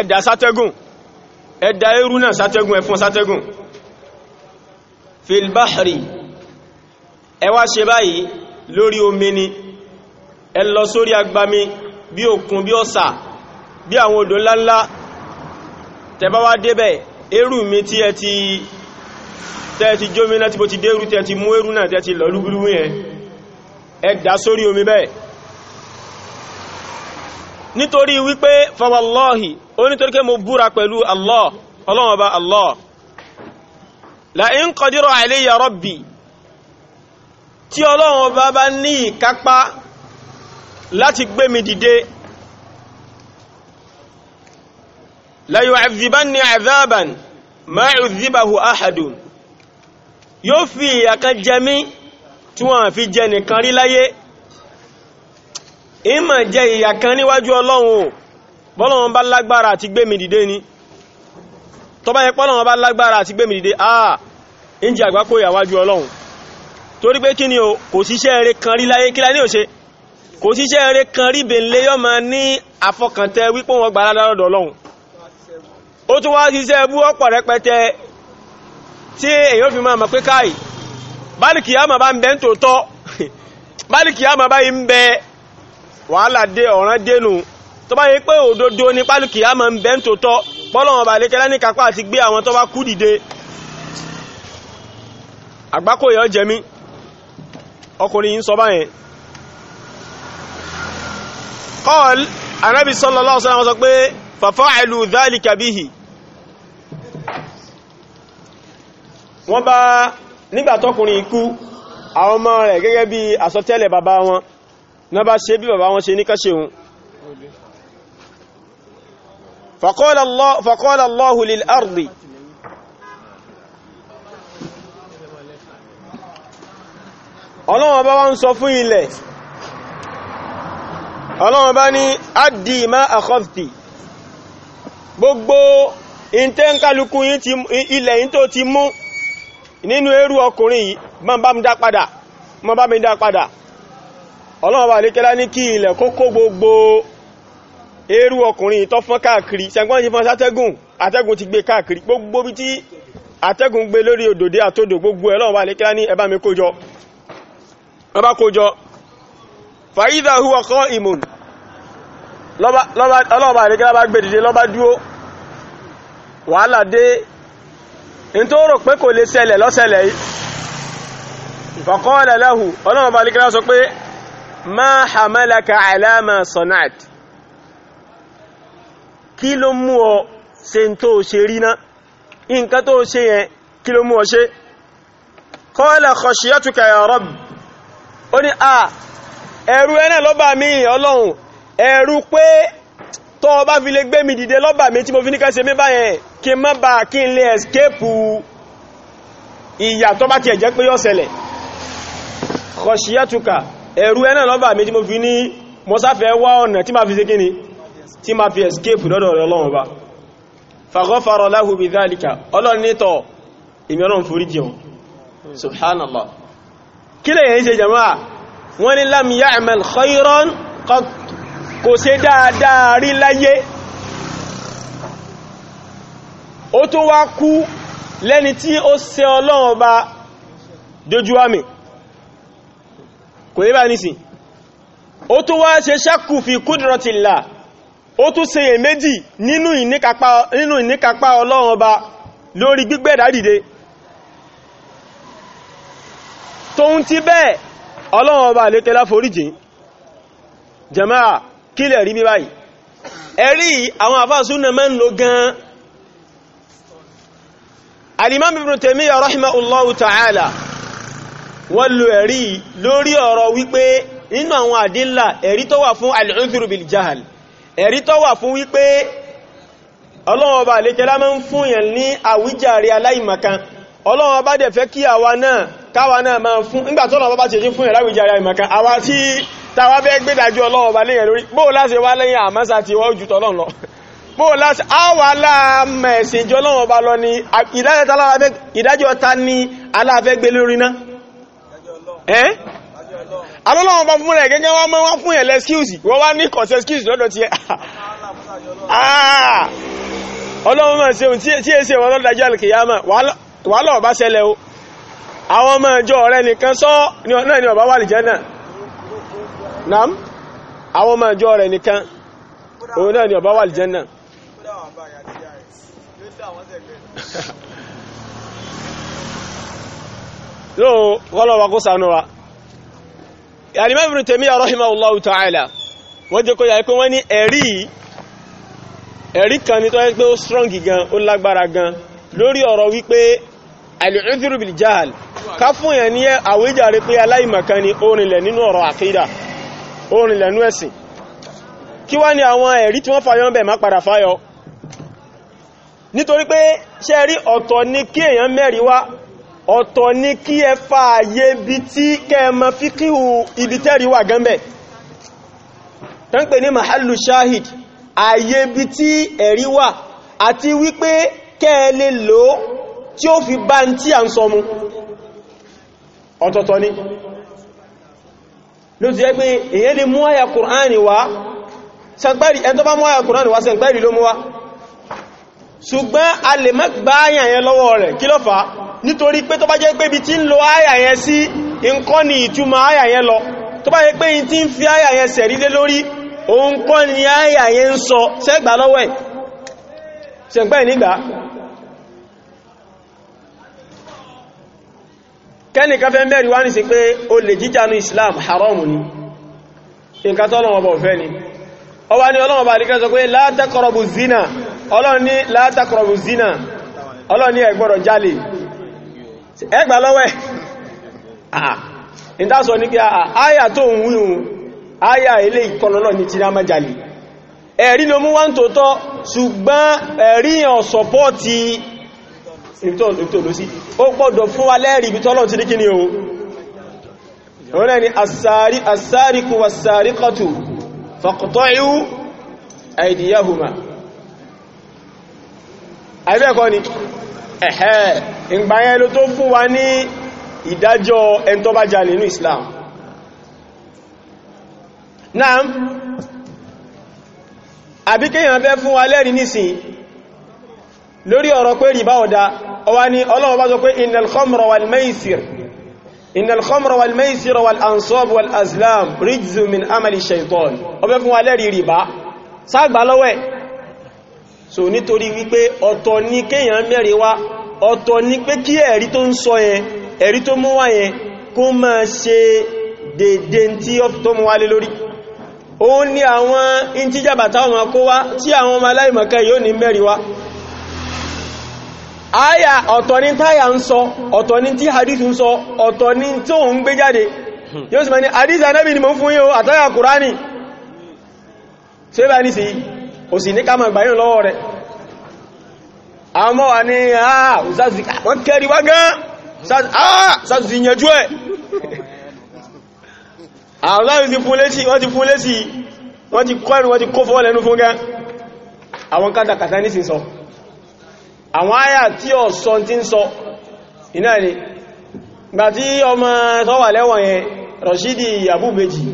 ẹ̀dà sátẹ́gùn ẹ̀dà ẹrú náà sátẹ́gùn ẹ̀fún sátẹ́gùn filbahari ẹ wá ṣe báyìí lórí omi ni ẹ lọ sórí agbami bí òkun bí ọ̀sà bí àwọn odò ńláńlá tẹ́bá wá débẹ̀ ẹrú mi tí ẹ ti tẹ́ ti jómìnà tí bó ti dérú tẹ́ ti mú ẹrú náà tẹ́ ti lọ lúgbúrú yẹn ẹ sórí omi bẹ́ẹ̀ nítorí wípé fawallahi ó ní toríké mo búra pẹ̀lú Allah ọlọ́wọ́n bá Allah la in qadira alayya rabbi tí ọlọ́wọ́n bá bá ní ìkápá láti gbé mi dìde la yu'adhibanni 'adhaban ma yu'adhibuhu ahadun yóò fi ìyà kan jẹ mí tí wọ́n fi jẹ nìkan rí láyé ìmọ̀ jẹ ìyà níwájú ọlọ́run o bọ́lọ̀wọ́n bá lágbára àti gbé mi ni tó bá yẹ pọ́lọ̀wọ́n bá lágbára àti gbé mi dìde àà ìjì àgbákò ìyàwájú ọlọ́run torí pé kí ni o kò síṣẹ́ eré kan rí láyé kílá ní òṣe kò síṣẹ́ eré kan rí bèèlé ní àfọkàntẹ wípé wọn gbà ọlọ́run *laughs* tó bá yẹ pé òdodo ní pálùkì á mọ̀ ń bẹ́ ń tó tọ́ pọ́lọ̀wọ̀n bà lékẹ́lá ní kápá àti gbé àwọn tó bá kú dìde àgbákò yọ jẹmí ọkùnrin yìí ń sọ báyẹn kọ́ọ̀l anábì sallallahu alaihi wasallam sọ pé fafa'alu dhalika bihi wọ́n bá nígbà tọkùnrin ikú àwọn ọmọ rẹ̀ gẹ́gẹ́ bí àsọtẹ́lẹ̀ bàbá wọn náà bá ṣe bí bàbá wọn ṣe ní káṣeun فقال الله فقال الله للارض: ọlọ́wọ́ bá wá ń sọ fún ilẹ̀ ọlọ́wọ́ bá ní adì má àkọ́fì gbogbo ìntẹ́ ń kálukú ilẹ̀ yìí tó ti mú nínú ẹrù ọkùnrin yìí ma bá mi dá padà ma bá mi dá padà ọlọ́wọ́ bá lékẹ́lá ní kí ilẹ̀ kókó gbogbo eérú ọkùnrin tó fọ́n káàkiri ṣẹgbọ́n ti fọ́n sátẹ́gùn atẹ́gùn ti gbé káàkiri gbogbo bí tí atẹ́gùn gbé lórí òdòdé àtòdò gbogbo ẹ̀ lọ́wọ́ alẹ́kẹ́lá ní ẹbá mi kójọ ọba kójọ fàyídà huwa qa'imun lọ́wọ́ alẹ́kẹ́lá bá gbé dìde lọ́bá dúó wàhálà dé in tó rò pé kò lè ṣẹlẹ̀ lọ́ṣẹlẹ̀ yìí faqala lahu kí ló mú ọ ṣe tó ṣe rí ná nǹkan tó ṣe yẹn kí ló mú ọ ṣe qala khashiyatuka ya rabb ní à ẹ̀rù ẹ̀nà lọ́bà mi ọlọ́run ẹ̀rù pé tó bá fi lè gbé mi dìde lọ́bà mi tí mo fi ní kẹsẹ̀ mi báyẹn kí n má ba kí n lè escape ìyà tó bá tiẹ̀ jẹ́ pé yó ṣẹlẹ̀ khashiyatuka ẹ̀rù ẹ̀nà lọ́bà mi tí mo fi ní mọ́sáfẹ́ wá ọ̀nà tí ma fi ṣe kíni tí ma fi escape lọ́dọ̀ ọlọ́run ọba faghafara lahu bidhalika ọlọ́run nítọ̀ èmi ọlọ́run foríjì wọn subhanallah kí lè yẹn ṣe jama'a wọ́n ní lam ya'mal khayran kò ṣe dáadáa rí láyé ó tó wá kú lẹ́ni tí ó ṣe ọlọ́run fi qudratillah ó tún ṣe èyàn méjì nínú ìníkapá ọlọ́run ọba lórí gbígbẹ̀dá dìde tóun ti bẹ́ẹ̀ ọlọ́run ọba àlékẹ́lá foríjìn jàmáà kí lẹ̀ rí bí báyìí ẹ̀rí àwọn àfáàsúnà mẹ́ ń lo gan alimam ibn Taymiyyah rahimahullahu ta'ala wọ́n lo ẹ̀rí lórí ọ̀rọ̀ wípé nínú àwọn àdílà ẹ̀rí tó wà fún al-udhru bil ẹ̀rí tó wà fún wípé ọlọ́run ọba àlékẹ́lá máa ń fún yẹn ní àwíjàre aláìmọ̀kan ọlọ́run ọba dẹ̀ fẹ́ kí àwa náà káwa náà máa fún nígbà tó ọlọ́run ọba ṣe fún yẹn láwíjàre aláìmọ̀kan àwa tí táwa fẹ́ gbé dájú ọlọ́run ọba léyìn lórí bóò láṣẹ wá lẹ́yìn àmọ́sà tí wọ́n jù tọ́lọ́run lọ *laughs* bóò láṣẹ alọ́lọ́wọ́n bá fún rẹ̀ gẹ́gẹ́ wọ́n mọ́ wọ́n fún ẹ̀lẹ́ skills wọ́n wá ní kọ̀sẹ̀ skills lọ́dọ̀ tí ẹ ah! ọlọ́wọ́n máa ṣe tí ẹ ṣe wọ́n lọ́dọ̀ ajá alìkìyàmà wàhálà ọba ṣẹlẹ̀ o àwọn ọmọ ìjọ rẹ̀ nìkan sọ náà ni ọba wà lìjẹ́ náà nam àwọn ọmọ ìjọ rẹ̀ nìkan òun náà ni ọba wà lìjẹ́ náà *laughs* lóò wọ́lọ́wọ́ kó sànú wa Al-Imam Ibn Taymiyyah rahimahullahu ta'ala wọ́n jẹ́ kó yà pé wọ́n ní ẹ̀rí ẹ̀rí kan ní tó yẹ pé ó strong gan ó lágbára gan lórí ọ̀rọ̀ wípé al-udhru bil jahl ni orinlẹ̀ nínú ọ̀rọ̀ àkídà orinlẹ̀ nú ẹ̀sìn kí wá ní ọ̀tọ̀ ní kí ẹ fààyè bí tí kẹmọ fíkíhù ibi tẹ́rí wà gánbẹ̀ tán pè ní mahallu shahid ààyè bí tí ẹ̀rí wà àti wípé kẹ́ẹ̀lẹ́ lò tí ó fi bá ń tí à ń sọmú ọ̀tọ̀tọ̀ ni ló ti jẹ́ pé èyẹ́ lè mú àyà kùránì wá sẹ́gbẹ́rì ẹn tó bá mú àyà kùránì wá sẹ́gbẹ́rì ló mú wá ṣùgbọ́n a lè mẹ́gbàáyàn yẹn lọ́wọ́ rẹ̀ kí ló nítorí pé tó bá jẹ́ pé ibi tí ń lo àyà yẹn sí nǹkan ni ìtumọ̀ àyà yẹn lọ tó bá jẹ́ pé in tí ń fi àyà yẹn sẹ̀rí lórí òun ni àyà yẹn ń sọ sẹ́gbà o lè Islam haram ni nǹkan tó ọlọ́wọ́ bọ̀ fẹ́ ni ọwá ni ọlọ́wọ́ bá ríkẹ́ sọ pé zina ọlọ́ni la ẹgbà lọ́wẹ́ ìdásọ ní pé àyà tó ń wíhun àyà ilé ìkọlọ́lọ́ ní tí rámà jàlì ẹ̀rí ló mú wá ń tó tọ́ ṣùgbọ́n ẹ̀rí yàn sọpọ́ọ̀tì ìtòlósí ó gbọ́dọ̀ fún wa lẹ́rìí ibi tọ́lọ̀ ti díkí ni o wọ́n ni as-sariqu was-sariqatu ẹ̀hẹ́ ìgbàyẹn ló tó fún wa ní ìdájọ́ ẹn tó bá jalè nínú Islam náà àbí kéèyàn fẹ́ fún wa lẹ́rìí nísìn lórí ọ̀rọ̀ pé rìbá ọ̀dá ọwá ni Ọlọ́run bá sọ pé innal khamra wal maisir innal so nítorí wípé ọ̀tọ̀ ni kéèyàn mẹ́rin wá ọ̀tọ̀ ni pé kí ẹ̀rí tó ń sọ yẹn ẹ̀rí tó mú wá yẹn kó máa ṣe dédé tí ó tó mú wá lé lórí ó ní àwọn intíjàbà táwọn ọmọ kó wá tí àwọn ọmọ aláìmọ̀kan yóò ní mẹ́rin wá àyà ọ̀tọ̀ ní táyà ń sọ ọ̀tọ̀ ní tí hadith ń sọ ọ̀tọ̀ ní tí ń gbé jáde yóò sì mọ́ ní hadith anábì ni mo fún yíò àtọ́yà kùránì ṣe bá ní sí kò sì ní ká máa gbàyàn lọ́wọ́ rẹ̀ àmọ́ wà ní àà ah, wọ́n kẹ́rí wá gán sáàtù ti yẹjú ẹ̀ àwọn láàrín ti fún létí wọ́n ti fún létí wọ́n ti kọ́ ẹ̀rù wọ́n ti kó fọ́ lẹ́nu fún gán àwọn kátàkátà ní sínsọ àwọn àyà tí ọ sọ tí ń sọ iná ni gbà tí ọmọ tó wà lẹ́wọ̀n yẹn Rọ̀ṣídì Àbúbejì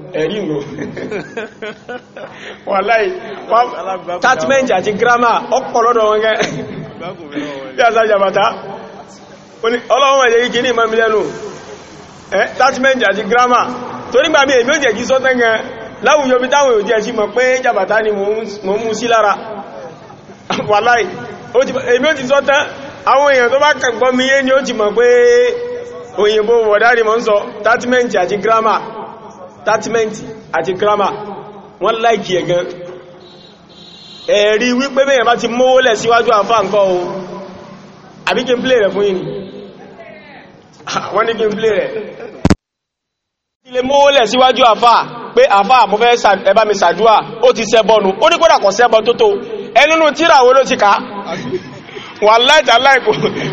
ẹ̀ríwò wàláì tatment àti grammar ọ̀pọ̀ lọ́dọ̀ wọn gẹ́ bí àṣà jàbàtà ọlọ́wọ́n ẹ̀yẹ igi ní ìmọ̀ mílẹ́nu tatment àti grammar tó nígbà mí èmi ò jẹ́ kí sọ́tẹ́ gan láwùjọ bí táwọn *laughs* ti ni o òyìnbó wọ̀dá ni ń sọ àti tátímẹ́ǹtì àti kírámà wọ́n láìkì ẹ̀gan ẹ̀rí wípé mẹ́yàn bá ti mówó lẹ̀ síwájú àfá nǹkan o àbí kí n plé rẹ̀ fún yìí *laughs* wọ́n ní kí n plé rẹ̀ ilé mówó lẹ̀ síwájú àfá pé àfá àmúfẹ́ ẹbá mi sàdúà ó ti sẹ́bọnu ó ní kódà kò sẹ́bọ tó tó ẹnúnú tíra wo ló ti ká wà láìta láì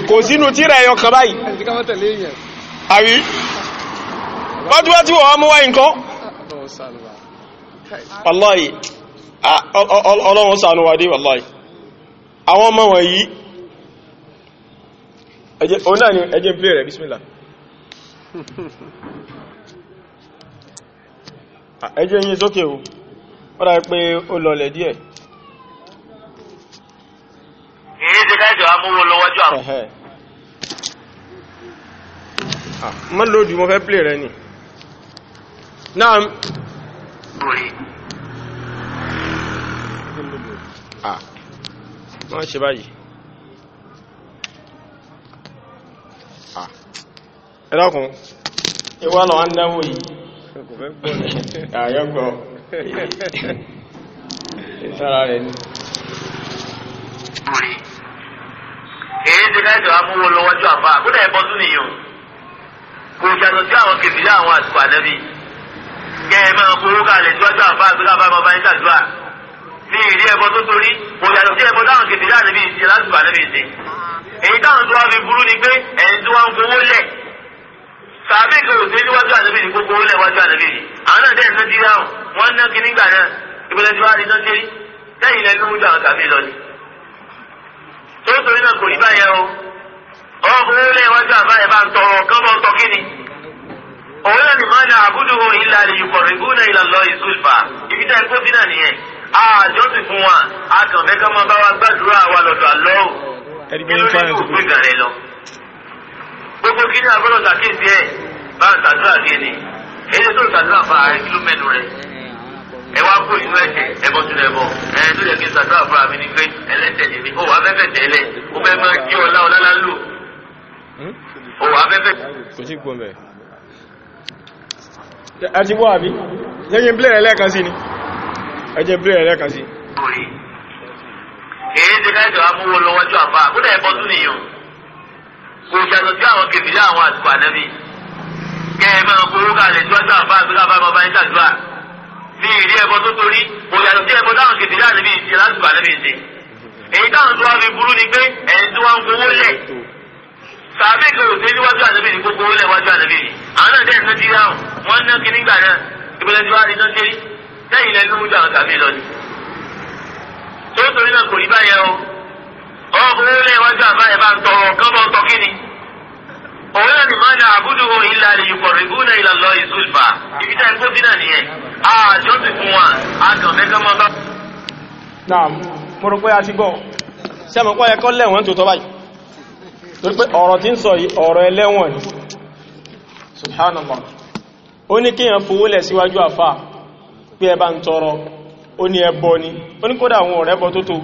kò sínú tíra ẹyọ kan báyìí àbí wájúwá tí wọ́n mú wá ọlọ́run ṣàánú wa dé àwọn ọmọ wọ̀nyí òun ni ẹjẹ́ pílẹ̀ rẹ̀ bismillah ẹjẹ́ yìí sókè o ó dá pé ó lọlẹ̀ díẹ̀ èyí ti dájọ́ amúrò lọ́wọ́jọ́ àwọn ah, mọ́lódì mo fẹ́ pílẹ̀ rẹ̀ ni naam ah wọ́n ṣe báyìí ah ẹlọ́kùn ìwọ́n lọ ń dáwò yìí àyọ́gbọ́ ah, ìtara rẹ̀ ní èyí ti káìsọ̀ amúwò lọ́wọ́jọ́ àbá kó dẹ̀ ẹ̀bọ́ tún nìyàn kò ṣàtọ̀ sí àwọn kèfìlà àwọn àsìkò ànẹ́bí kẹ́ ẹ máa fowó kalẹ̀ síwájú àbá àgbéká bá máa bá yín ṣàdúrà ní ìrí ẹbọ tó torí kò yàtọ̀ sí ẹbọ táwọn kìtìlá àdébí ìṣe lásìkò àdébí ìṣe èyí táwọn tó wá fi burú ni pé ẹ̀yin tó wá ń fowó lẹ̀ tàbí kò sí níwájú àdébí ní gbogbo lẹ̀ wájú àdébí ni àwọn náà dẹ́ẹ̀ sọ́jí dáhùn wọ́n ná kí nígbà náà ìpínlẹ̀ tí wàá rí náà ṣeré lẹ́yìn lẹ́nu ojú àwọn tàbí lọ ni. tó torí náà kò ní báyẹn o ọkùnrin lẹ́wájú àbáyẹ bá ń tọrọ kán bọ́ ń tọ kí ni òun náà ni máa ń àbúdò ìlà lè yùkọ̀ rìbúnà ìlà lọ ìzúlfà ibi tá ẹ̀kọ́ bí náà nìyẹn àjọ ti fún wa àgàn fẹ́ ká máa bá wa gbàdúrà wa lọ́dọ̀ àlọ́ O kí ló ní kò gbé gàrẹ́ lọ. gbogbo kí ni àgbọ̀dọ̀ sàkíyèsí ẹ̀ bá ń sàdúrà sí ẹni èyí tó ń sàdúrà fún ààrẹ kí ló mẹ́nu rẹ̀ ẹ wá kó inú ẹ̀jẹ̀ ẹbọ tún lẹbọ ẹ tó yẹ kí n sàdúrà fún àmì ní pé ẹlẹ́tẹ̀ nìmi ó wà fẹ́fẹ́ tẹ́lẹ̀ ó fẹ́ àti wọ́ àbí lẹ́yìn blẹ̀rẹ̀ lẹ́ẹ̀kan sí ni ẹjẹ́ blẹ̀rẹ̀ lẹ́ẹ̀kan sí èyí ti káìtọ̀ amúwò lọ́wọ́jú àfà àkúdẹ̀ ẹ̀bọ́ tún nìyàn kò ṣàtọ̀ sí àwọn kèfìlẹ̀ àwọn àtùkù ànẹ́bí kẹ́ ẹ máa kó rúkà lè tọ́jú àfà àgbéká bá bàbá yín ṣàdúrà ní ìrí ẹbọ tó torí kò yàtọ̀ sí ẹbọ táwọn kèfìlẹ̀ ànẹ́bí ṣe lásìkò ànẹ́bí ṣe èyí táwọn tó wá fi burú ni pé ẹ̀yìn tí wọ́n ń fowó lẹ̀ tàbí kò sí níwájú ànẹ́bí gbogbo lẹ̀ wájú àwọn náà dẹ́yìn sọ́jú yá wọ́n ná kí nígbà náà ìbílẹ̀ tí wàá rí náà dérí lẹ́yìn lẹ́nu mú àwọn tàbí lọ ni. sọ́tòrí náà kò rí báyẹn o ọkùnrin lè wájú àbá ẹ̀ bá ń tọrọ kán bọ́ tọ́ kíni. òun náà ní máa ń àbúdú ohun ìlà lè yùkọ̀ rẹ̀ bú náà ìlàlọ́ ìzúlfà ibi tá ẹ̀kọ́ bí náà nìyẹn. àjọ ti fún wa àgàn mẹ́kàn máa bá. náà mo rò pé a ti gbọ́ ṣé àmọ́ pọ́ ẹ̀kọ́ lẹ́wọ̀n tó tọ́ báyìí torí pé ọ̀rọ̀ tí ń sọ yìí ọ̀rọ̀ ẹlẹ́wọ̀n ni subhanallah ó ní kí èyàn fowó lẹ̀ síwájú àfà pé ẹba ń tọrọ ó ní ẹbọ ni ó ní kódà àwọn ọ̀rẹ́ tó tó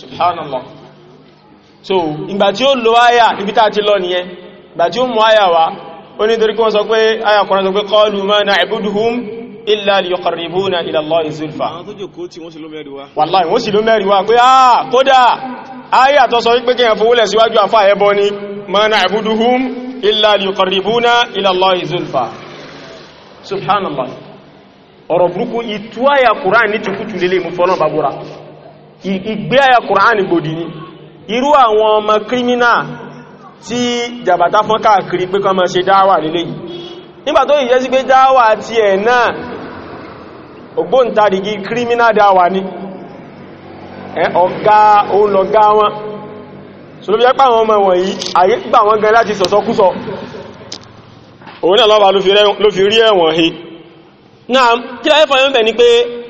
subhanallah so ìgbà tí ó lo àyà ibi tá ti lọ nìyẹn ìgbà tí ó mú àyà wá ó ní torí kí wọ́n sọ pé àyà kọ̀rọ̀ sọ pé qalu ma na'buduhum illa liyuqarribuna ila Allahi zulfa illa liyuqarribuna ila Allahi zulfa subhanallah ọ̀rọ̀ burúkú ìtú àyà kùránì ní tukútù lélé mú fọ́nà bàbúra ìgbé àyà kùránì gbòdì ní irú àwọn ọmọ kírímínà tí jàbàtà fọ́n káàkiri pé kọ́ mọ́ ṣe dáwà lélé yìí nígbà tó yìí jẹ́ sí pé dáwà ti ẹ̀ náà ògbóǹtarìgì kírímínà dáwà ní ọ̀gá òun lọ̀gá wọn so ló bí ẹpá àwọn ọmọ wọ̀nyí àyè gbà wọ́n gan láti sọ̀sọ́kúsọ òun náà lọ́ba ló fi rí ẹ̀wọ̀n he náà kí láyé fọyọ́ bẹ̀ ni pé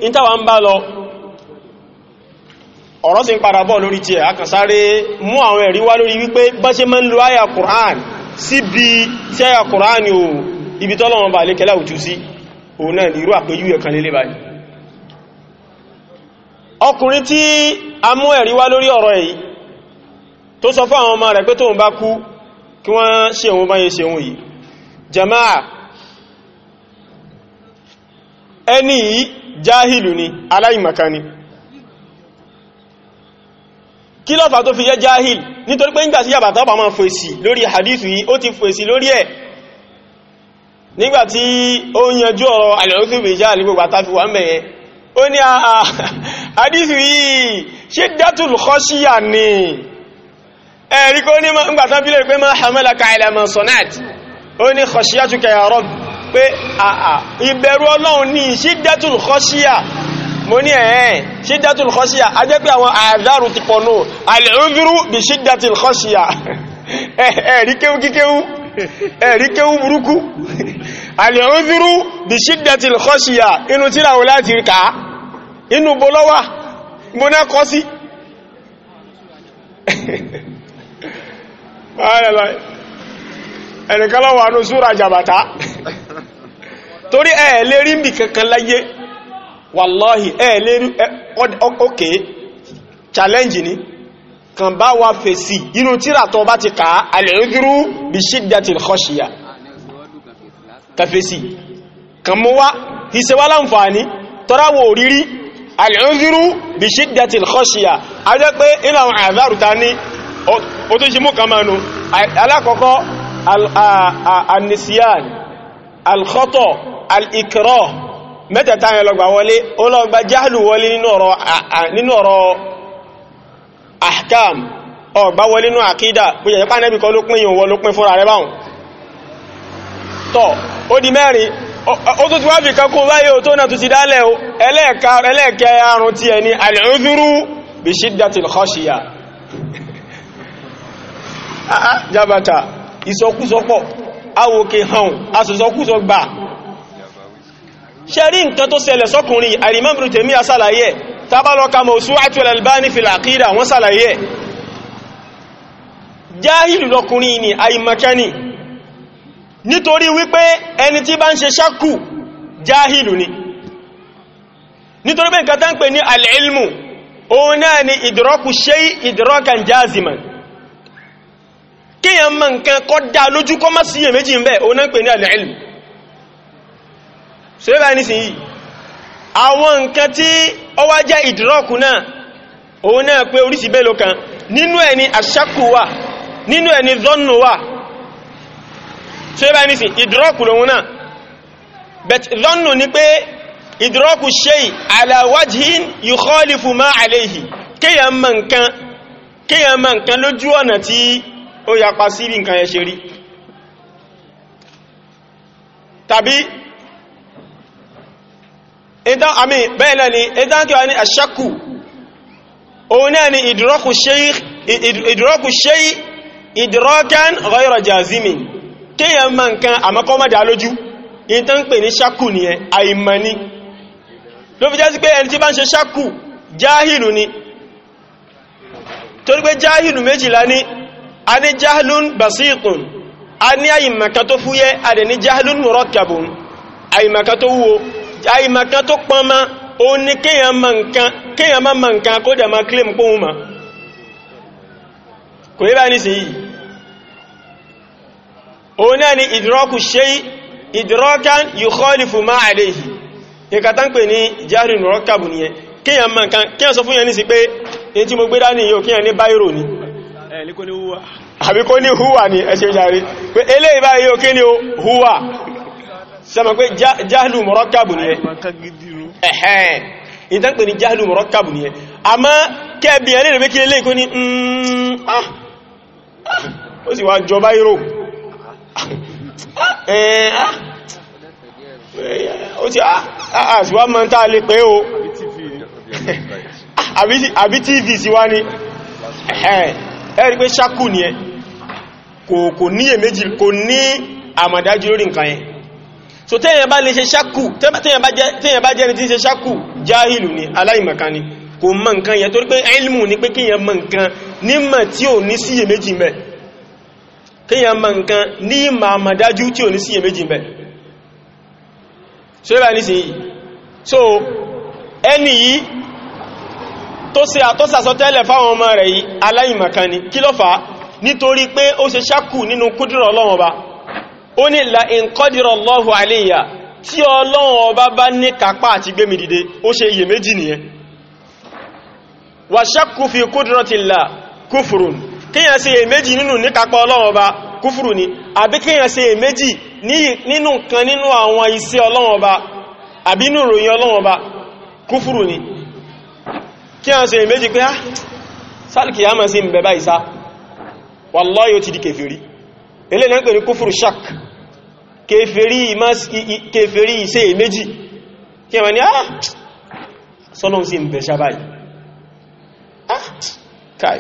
intawa ń bá lọ ọ̀rọ̀ sì ń padà bọ̀ lórí tiẹ̀ akànsáré mú àwọn ẹ̀rí wá lórí wípé bá ṣe tó sọ fún àwọn ọmọ rẹ̀ pé tóun bá kú kí wọ́n ṣe òun báyé ṣe òun yìí jama'a ẹni yìí jáhìlù ni aláìmọ̀kan ni kí ló fà tó fi yẹ jáhìl nítorí pé nígbàtí yàbàtà ọba máa fèsì lórí hadithu yìí ó ti fèsì lórí ẹ̀ nígbàtí ó yanjú ọ̀rọ̀ alẹ́rọ́sùnbì já àlúgbò bàtà fi ni ẹ̀rí kó ní gbàtán bílẹ̀ pé máa hamala kàílẹ̀ mọ̀ sonat ó ní kọ̀ṣíyà tún kẹyà rọ́b pé àà ìbẹ̀rù ọlọ́run ní ṣídẹ́tùl kọ́ṣíyà mo ní ẹ̀ẹ́ ṣídẹ́tùl kọ́ṣíyà a jẹ́ pé àwọn àdárù ti pọ̀nù alẹ́rúdúrú bí ṣídẹ́tùl kọ́ṣíyà *laughs* ẹ̀rí kéwú kíkéwú ẹ̀rí kéwú burúkú alẹ́rúdúrú bí ṣídẹ́tùl kọ́ṣíyà inú tíráwó láti rí *laughs* ẹnìkan lọ́wọ́ àánú súra jàbàtá *laughs* torí ẹ̀ lè rí mbì kankan láyé wàláhì ẹ̀ lè rí ókè challenge ni kan bá wa fèsì inú tíra tó bá ti kàá alẹ́rúdúrú bí ṣídàtì kọ́ṣíyà kàfèsì kan mú wá ìṣẹ́wà láǹfààní tọ́ráwò òrírí alẹ́rúdúrú bí ṣídàtì kọ́ṣíyà a jẹ́ pé inú àwọn àzárùta ní ó tó ṣe mú kan mánu alákọ̀ọ́kọ́ anisiyan alkhọ́tọ̀ alikrọ́ mẹ́tẹ̀ta yẹn lọ́gbà wọlé ó lọ́gbà jáàlù wọlé nínú ọ̀rọ̀ ahkam ọ̀gbà wọlé nínú àkídà bó jẹ́ pàánẹ́bì kọ́ ló pín ìwọ̀n ló pín fúnra rẹ̀ báhùn tọ́ ó di mẹ́rin ó tó ti wá fi kankó báyé ò tó náà tó ti dálẹ̀ ẹlẹ́ẹ̀kẹ́ àrùn tí ẹni al àá jàbàtà ìsọkúsọpọ̀ awòkè hàn asọ̀sọkúsọ gbà ṣẹ́rí nǹkan tó ṣẹlẹ̀ sọ́kùnrin al-Imam Ibn Taymiyyah sàlàyé tábàlọ́ka Mawsu'atu al-Albani fil Aqida wọ́n sàlàyé jáhìlù lọkùnrin ni àìmọ̀kẹ́ni nítorí wípé ẹni tí bá ń ṣe ṣákù jáhìlù ni nítorí pé nǹkan tán pè ní al-ilmu òun náà ni ìdìrọ́kù ṣe ìdìrọ́kàn kéèyàn mọ̀ nǹkan kọ́ dá lójú kọ́ má sí èméjì ń bẹ̀ o náà pè ní al-ilm so yíba ní sin yìí àwọn nǹkan tí ó wá jẹ́ ìdírọ́kù náà òun náà pé oríṣìí bẹ́ẹ̀ ló nínú ẹ̀ ni àṣàkù wà nínú ẹ̀ ni zọ́nù wà so yíba ìdírọ́kù lòun náà ni pé ìdírọ́kù shay ala wajhin yukhalifu ma alayhi kéèyàn mọ̀ nǹkan lójú ó yapa sí bí nǹkan yẹn ṣe rí tàbí ìdán àmì bẹ́ẹ̀ náà ni ìdán kí wà ní àṣẹ́kù òun náà ni ìdúrọ́kù ṣe ìdúrọ́kán ghayra jazimi kíyàn ma nǹkan àmọ́kọ́mọ́dá lójú ìdán pè ní ṣákù nìyẹn àìmọ̀ní ló fi jẹ́ ni a ní jahlun basiqun a ní àyìmọ̀kan tó fúyẹ́ a dẹ̀ ní jahlun murakkabun àyìmọ̀kan tó wúwo àyìmọ̀kan tó pọnmọ́ ó ní kéèyàn má mọ̀ nǹkan kó dẹ̀ má claim pòun mọ̀ kò yí bá ní sí yìí ó náà ni idraku shay idrakan yukhalifu ma alayhi nǹkan tán pè ní jahlun murakkabun yẹn kéèyàn mọ̀ nǹkan kéèyàn sọ fún yẹn ní sí pé mo gbé dání yóò kéèyàn ní báyìí rò Eh, àbí kó ní húwà ní ẹ̀ṣẹ́ ìjàrí pé ilé kí ni húwà sẹ́mọ̀ pé jáhìlù mọ̀rọ́kàbù eh, ní ẹ̀hẹ́n ìtànkpé ní jáhìlù mọ̀rọ́kàbù ní ẹ àmá kẹ́ẹ̀bì ẹ̀lẹ́ lè o tv *laughs* ẹ̀rí pé ṣákù ni ẹ kò ní èméjì kò ní àmàdájú lórí nǹkan yẹn so tẹ́yẹn bá lè ṣe ṣákù tẹ́yẹn bá jẹ́ni tí ṣe ṣákù jáhìlù ni aláìmọ̀kan ni kò mọ̀ nǹkan yẹn torí pé ilmù ni pé kíyàn mọ̀ nǹkan nímọ̀ tí ò ní sí èméjì mẹ́ kíyàn mọ̀ nǹkan ní ìmọ̀ àmàdájú tí ò ní sí èméjì mẹ́ so ẹni yìí tó ṣe àtọ́sàsọtẹ́lẹ̀ fáwọn ọmọ rẹ̀ yìí aláìmọ̀kan ni kí ló fà á nítorí pé ó ṣe ṣákù nínú kúdìrọ̀ la ìǹkọ́dìrọ̀ lọ́hùn àléyà tí ọlọ́run ọba bá ní kápá àti gbémi dìde ó ṣe iyèméjì nìyẹn wà ṣákù fi kúdìrọ̀ ti là kúfùrùn kíyàn ṣe iyèméjì nínú níkápá ọlọ́run ọba kúfùrù ni àbí kíyàn ṣe iyèméjì nínú kan nínú àwọn iṣẹ́ ọlọ́run ọba ìròyìn ọlọ́run kúfùrù ni kí a ń ṣe méjì pé á ah, sálìkì yá máa sí ń bẹ báyìí sá wallahi ó ti di kèfèrí ilé náà ń pè ní kúfùrù shak kèfèrí ìṣe méjì kí a máa ní áà ah, sọ́lọ́n sí ń ah, bẹ ṣá báyìí áà káì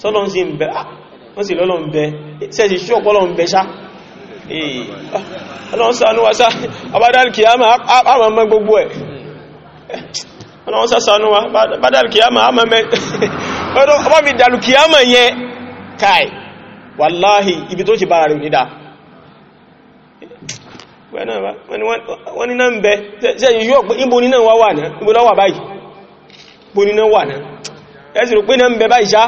sọ́lọ́n sí ń bẹ áà wọ́n sì lọ́lọ́ ń bẹ sẹ́sì ṣú ọ̀pọ̀lọ́ ń bẹ ṣá ọlọ́run ṣàánú wa ṣá àbádá kìí á máa mọ́ gbogbo ẹ̀ ọlọ́wọ́ sásánú wa bá dàlù kìyàmà àmà mẹ́ ọba mi dàlù kìyàmà yẹ káì wàláhì ibi tó bára wọ́n ń bẹ ṣe ibo wà náà ibo báyìí ibo wà náà ẹ̀sì rò pé náà ń bẹ báyìí ṣá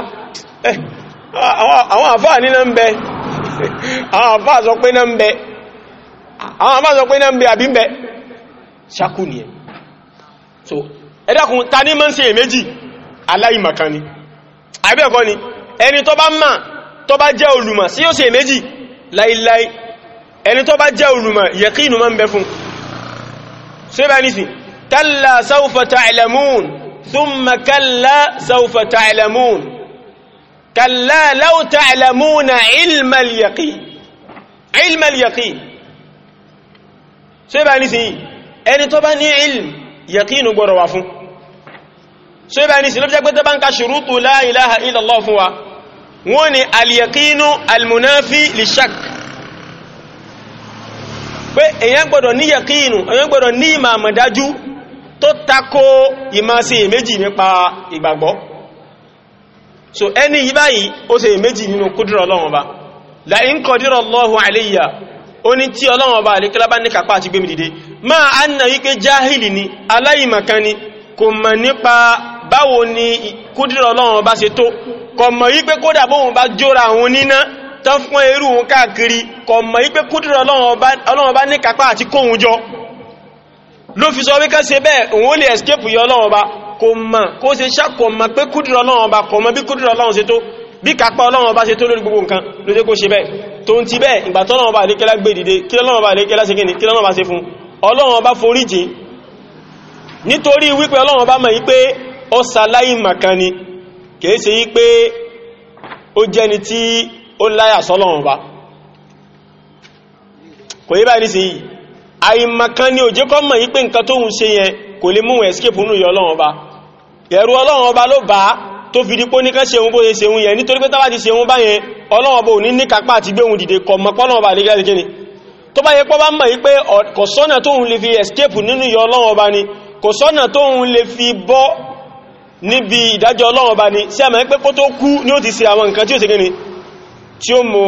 àwọn àfáà náà ń ẹ dákun ta ní mọ́ sí èméjì aláìmọ̀kan ni àbẹ́ẹ̀kọ́ ni ẹni tó bá mọ̀ tó bá jẹ́ olùmọ̀ sí yóò sí èméjì láìláì ẹni tó bá jẹ́ olùmọ̀ yẹ̀kínù mọ́ ń bẹ fún kalla sawfa ta'lamun thumma kalla sawfa ta'lamun kalla law ta'lamuna ilmal yaqin ilmal yaqin ṣe bá ní sí ẹni tó bá ní ilm yaqinu gbọ́rọ̀ wà fún so ibẹ̀ ní sí ló jẹ́ pé tó bá ń ka ṣùrútù la ilaha illallah fún wa wọ́n ni aliyakinu almunafi lishak pé èyàn gbọ́dọ̀ ní yakinu èyàn gbọ́dọ̀ ní ìmàmàdájú tó takó ìmáṣe èméjì nípa ìgbàgbọ́ so ẹni yí báyìí ó ṣe èméjì nínú kúdúrọ̀ ọlọ́run ba la in kọdírọ̀ Allahu alayya ó ní tí ọlọ́run ba àríkílá bá ní kàpá àti gbémi dìde máa anna wípé jáhìlì ni aláìmọ̀kan ni kò mọ̀ nípa báwo ni kúdìrọ̀ ọlọ́run bá ṣe tó kọ̀mọ̀ yí pé kódà bóhun bá jóra òun níná tán fún irú òun káàkiri kọ̀mọ̀ yí pé kúdìrọ̀ ọlọ́run bá ní kápá àti kóhun jọ ló fi sọ wíkẹ́ ṣe bẹ́ẹ̀ òun ó lè escape yọ ọlọ́run bá kò mọ̀ kó ṣe ṣàkọ̀mọ̀ pé kúdìrọ̀ ọlọ́run bá kọ̀mọ̀ bí kúdìrọ̀ ọlọ́run ṣe tó bí kápá ọlọ́run bá ṣe nítorí wípé ọlọ́run bá mọ̀ yí pé ó sàláì màkání kìí ṣe yí pé ó jẹ́ni tí ó láyà sọ́lọ́run bá kò yí báyìí sí àìmàkání ò jẹ́ kọ́ mọ̀ yí pé nǹkan tó ń ṣe yẹn kò lè mú escape nínú yọ ọlọ́run bá ẹ̀rù ọlọ́run ọba ló bá tó fi dípò ní kán ṣeun bó ṣe ṣeun yẹn nítorí pé tábàtí ṣeun bá yẹn ọlọ́run yẹ pọ́ bá mọ̀ yí pé kò sọ́nà tóun lè fi escape nínú yọ ọlọ́run ọba ni kò sọ́nà tóun lè fi bọ́ níbi ìdájọ́ ọlọ́run bá ní sí àmà pé kó tó kú ní ó ti ṣe àwọn nǹkan tí ó ṣe gẹ́ni tí ó mú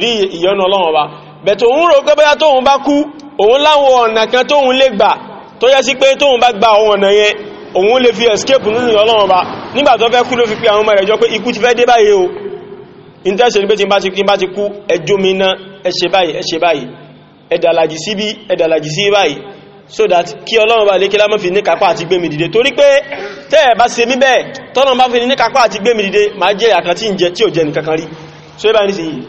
rí ìyọ́nà ọlọ́run bá bẹ̀tọ̀ òun rò pé bóyá tóun bá kú òun láwọn ọ̀nà kan tóun lè gbà tó yẹ sí pé tóun bá gba àwọn ọ̀nà yẹn òun lè fi escape nínú ọlọ́run bá nígbà tó fẹ́ kú ló fi pe àwọn ọmọ so that kí ọlọ́run bá lè kí lámọ́ fi ní kápá àti gbé mi dìde torí pé tẹ́ ẹ̀ bá ṣe mí bẹ́ẹ̀ tọ́lọ́run bá fi ní kápá àti gbé mi dìde máa jẹ́ àkàn tí ń jẹ tí ò jẹ nìkankan rí so ẹ bá ní sí yìí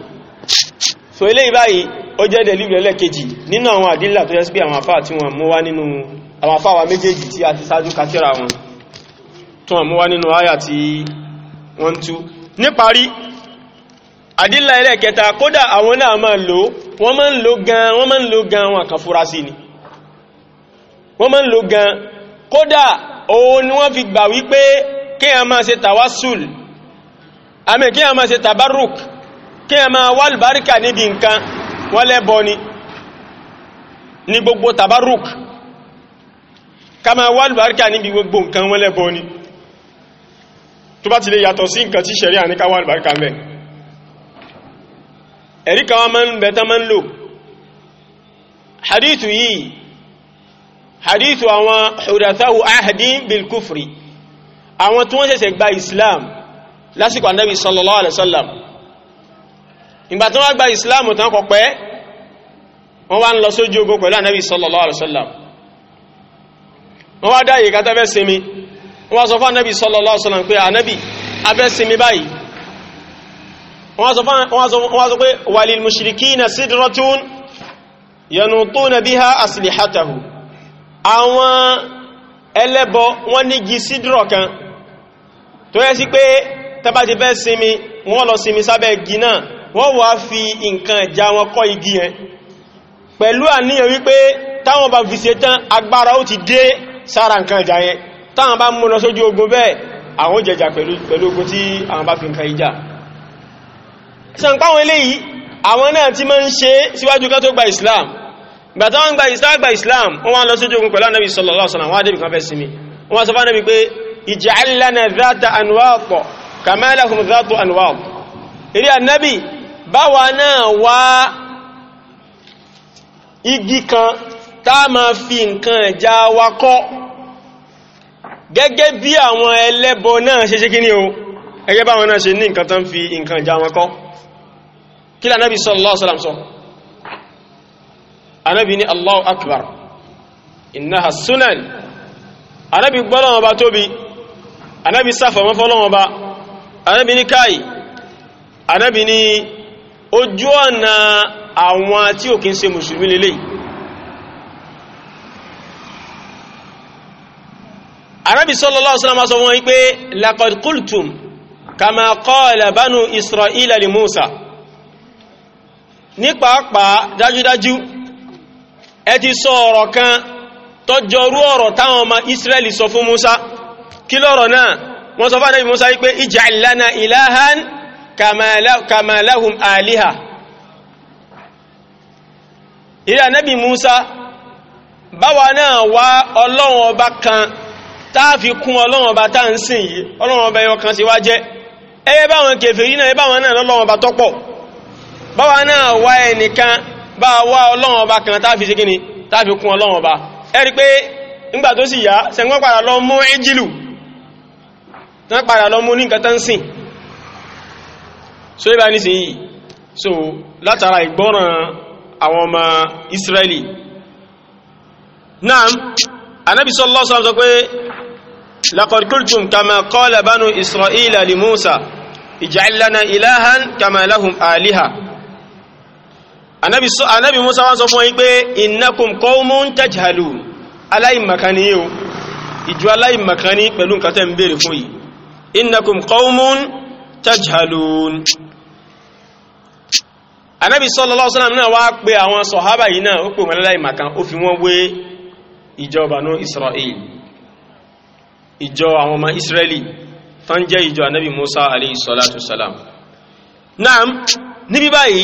so eléyìí báyìí ó jẹ́ dẹ̀lú lẹ́lẹ́kejì nínú àwọn àdílà tó yẹ sí pé àwọn àfáà tí wọ́n wa méjèèjì wọn tó wá nínú àwọn náà wọ́n máa ń lò gan kódà òun ni wọ́n fi gbà wípé kí a máa ṣe tawassul àmì kí a máa ṣe tabarruk kí a máa wá àlùbáríkà níbi nǹkan wọ́n lẹ́bọ ni ní gbogbo tabarruk ká máa wá àlùbáríkà níbi gbogbo nǹkan wọ́n lẹ́bọ ni tó bá ti lè yàtọ̀ sí nǹkan tí ṣẹ̀rí àníká wà àlùbáríkà mẹ́ ẹ̀rí kan máa ń bẹ̀tán máa ń lò hadithu yìí hadithu àwọn hudathahu ahdin bil kufri àwọn tí wọ́n ṣẹ̀ṣẹ̀ gba islam lásìkò annabi sallallahu alaihi wasallam ìgbà tí wọ́n gba islam tán kò pẹ́ wọ́n wá ń lọ sójú ogun pẹ̀lú annabi sallallahu alaihi wasallam wọ́n wá dáyé ká tẹ́fẹ́ sinmi wọ́n wá sọ fún annabi sallallahu alaihi wasallam pé annabi abẹ́ sinmi báyìí àwọn ẹlẹ́bọ wọ́n nígi sídìrọ̀ kan tó yẹ sí pé tẹ́bá ti fẹ́ sinmi wọ́n lọ sinmi sábẹ́ igi náà wọ́n wá fi nǹkan ẹ̀já wọn kọ́ igi yẹn pẹ̀lú àníyàn wípé táwọn bá fi ṣe tán agbára ó ti dé sára nǹkan ẹ̀já yẹn táwọn bá mú lọ sójú ogun bẹ́ẹ̀ àwọn jẹjà pẹ̀lú ogun tí àwọn bá fi nǹkan ìjà sàǹpáwọn eléyìí àwọn náà ti máa ń ṣe síwájú ká tó gba Islam gbàtà wọn gba islam gba islam wọn wá lọ sójú ogun pẹ̀lú anabi sallallahu alaihi wasallam wọn adébì kan fẹ́ sinmi wọn wá sọ fún anabi pé ij'al lana dhata anwat kama lahum dhatu anwat eré anabi báwa náà wá igi kan tá a máa fi nǹkan ẹ̀já wa kọ́ gẹ́gẹ́ bí àwọn ẹlẹ́bọ náà ṣe ṣe kíní o gẹ́gẹ́ báwọn náà ṣe ní nǹkan tán fi nǹkan ẹ̀já wọn kọ́ kí lànàbì sallallahu anábi ní allahu akbar innaha sunan anábi gbọ́lọ́wọ́ bá tóbi anábi sáfàmọ́ fọ́lọ́wọ́ bá anábi ní káì anábi ní ojú ọ̀nà àwọn tí ò kí ń ṣe mùsùlùmí lélẹ̀ anábi sallallahu alaihi wasallam sọ wọ́n wípé laqad qultum kama qala banu isra'ila li musa ní pàápàá dájúdájú ẹ ti sọ ọ̀rọ̀ kan tọ́jọrú ọ̀rọ̀ táwọn ọmọ Israẹli sọ fún Musa kí lọ́rọ̀ náà wọ́n sọ fún Musa wípé ij'al lana ilahan kama lahum aliha Iri anabi Musa báwa náà wá ọba kan táàfi kún ọlọ́run ọba tá ń sìn ọba kan bá wá ọlọ́run ọba kan táàfi sí kíni táàfi kún ọlọ́run ọba ẹ̀rí pé ńgbà tó sì yá sẹ̀gbọ́n padà lọ mú ìjìlù tán padà lọ mú ní nǹkan tán sìn so ibà ní sìn yìí so látara ìgbọ́ràn àwọn ọmọ Israeli náà anábi sallallahu alaihi wasallam sọ pé laqad qultum kama qala banu Isra'ila li Musa ij'al lana ilahan kama lahum aliha anabi sọ anabi musa wá sọ fún yín pé innakum qaumun tajhalun aláìmàkání yíò ìjọ aláìmàkání pẹ̀lú nǹkan tẹ́ ń bèèrè fún yìí innakum qaumun tajhalun anabi sallallahu alaihi wasallam náà wá pé àwọn sọ̀hábà yìí náà ó pè wọn aláìmàkán ó fi wọ́n wé ìjọ Banu Israel ìjọ àwọn ọmọ Israeli tán jẹ́ ìjọ anabi musa alayhi salatu salam naam níbi báyìí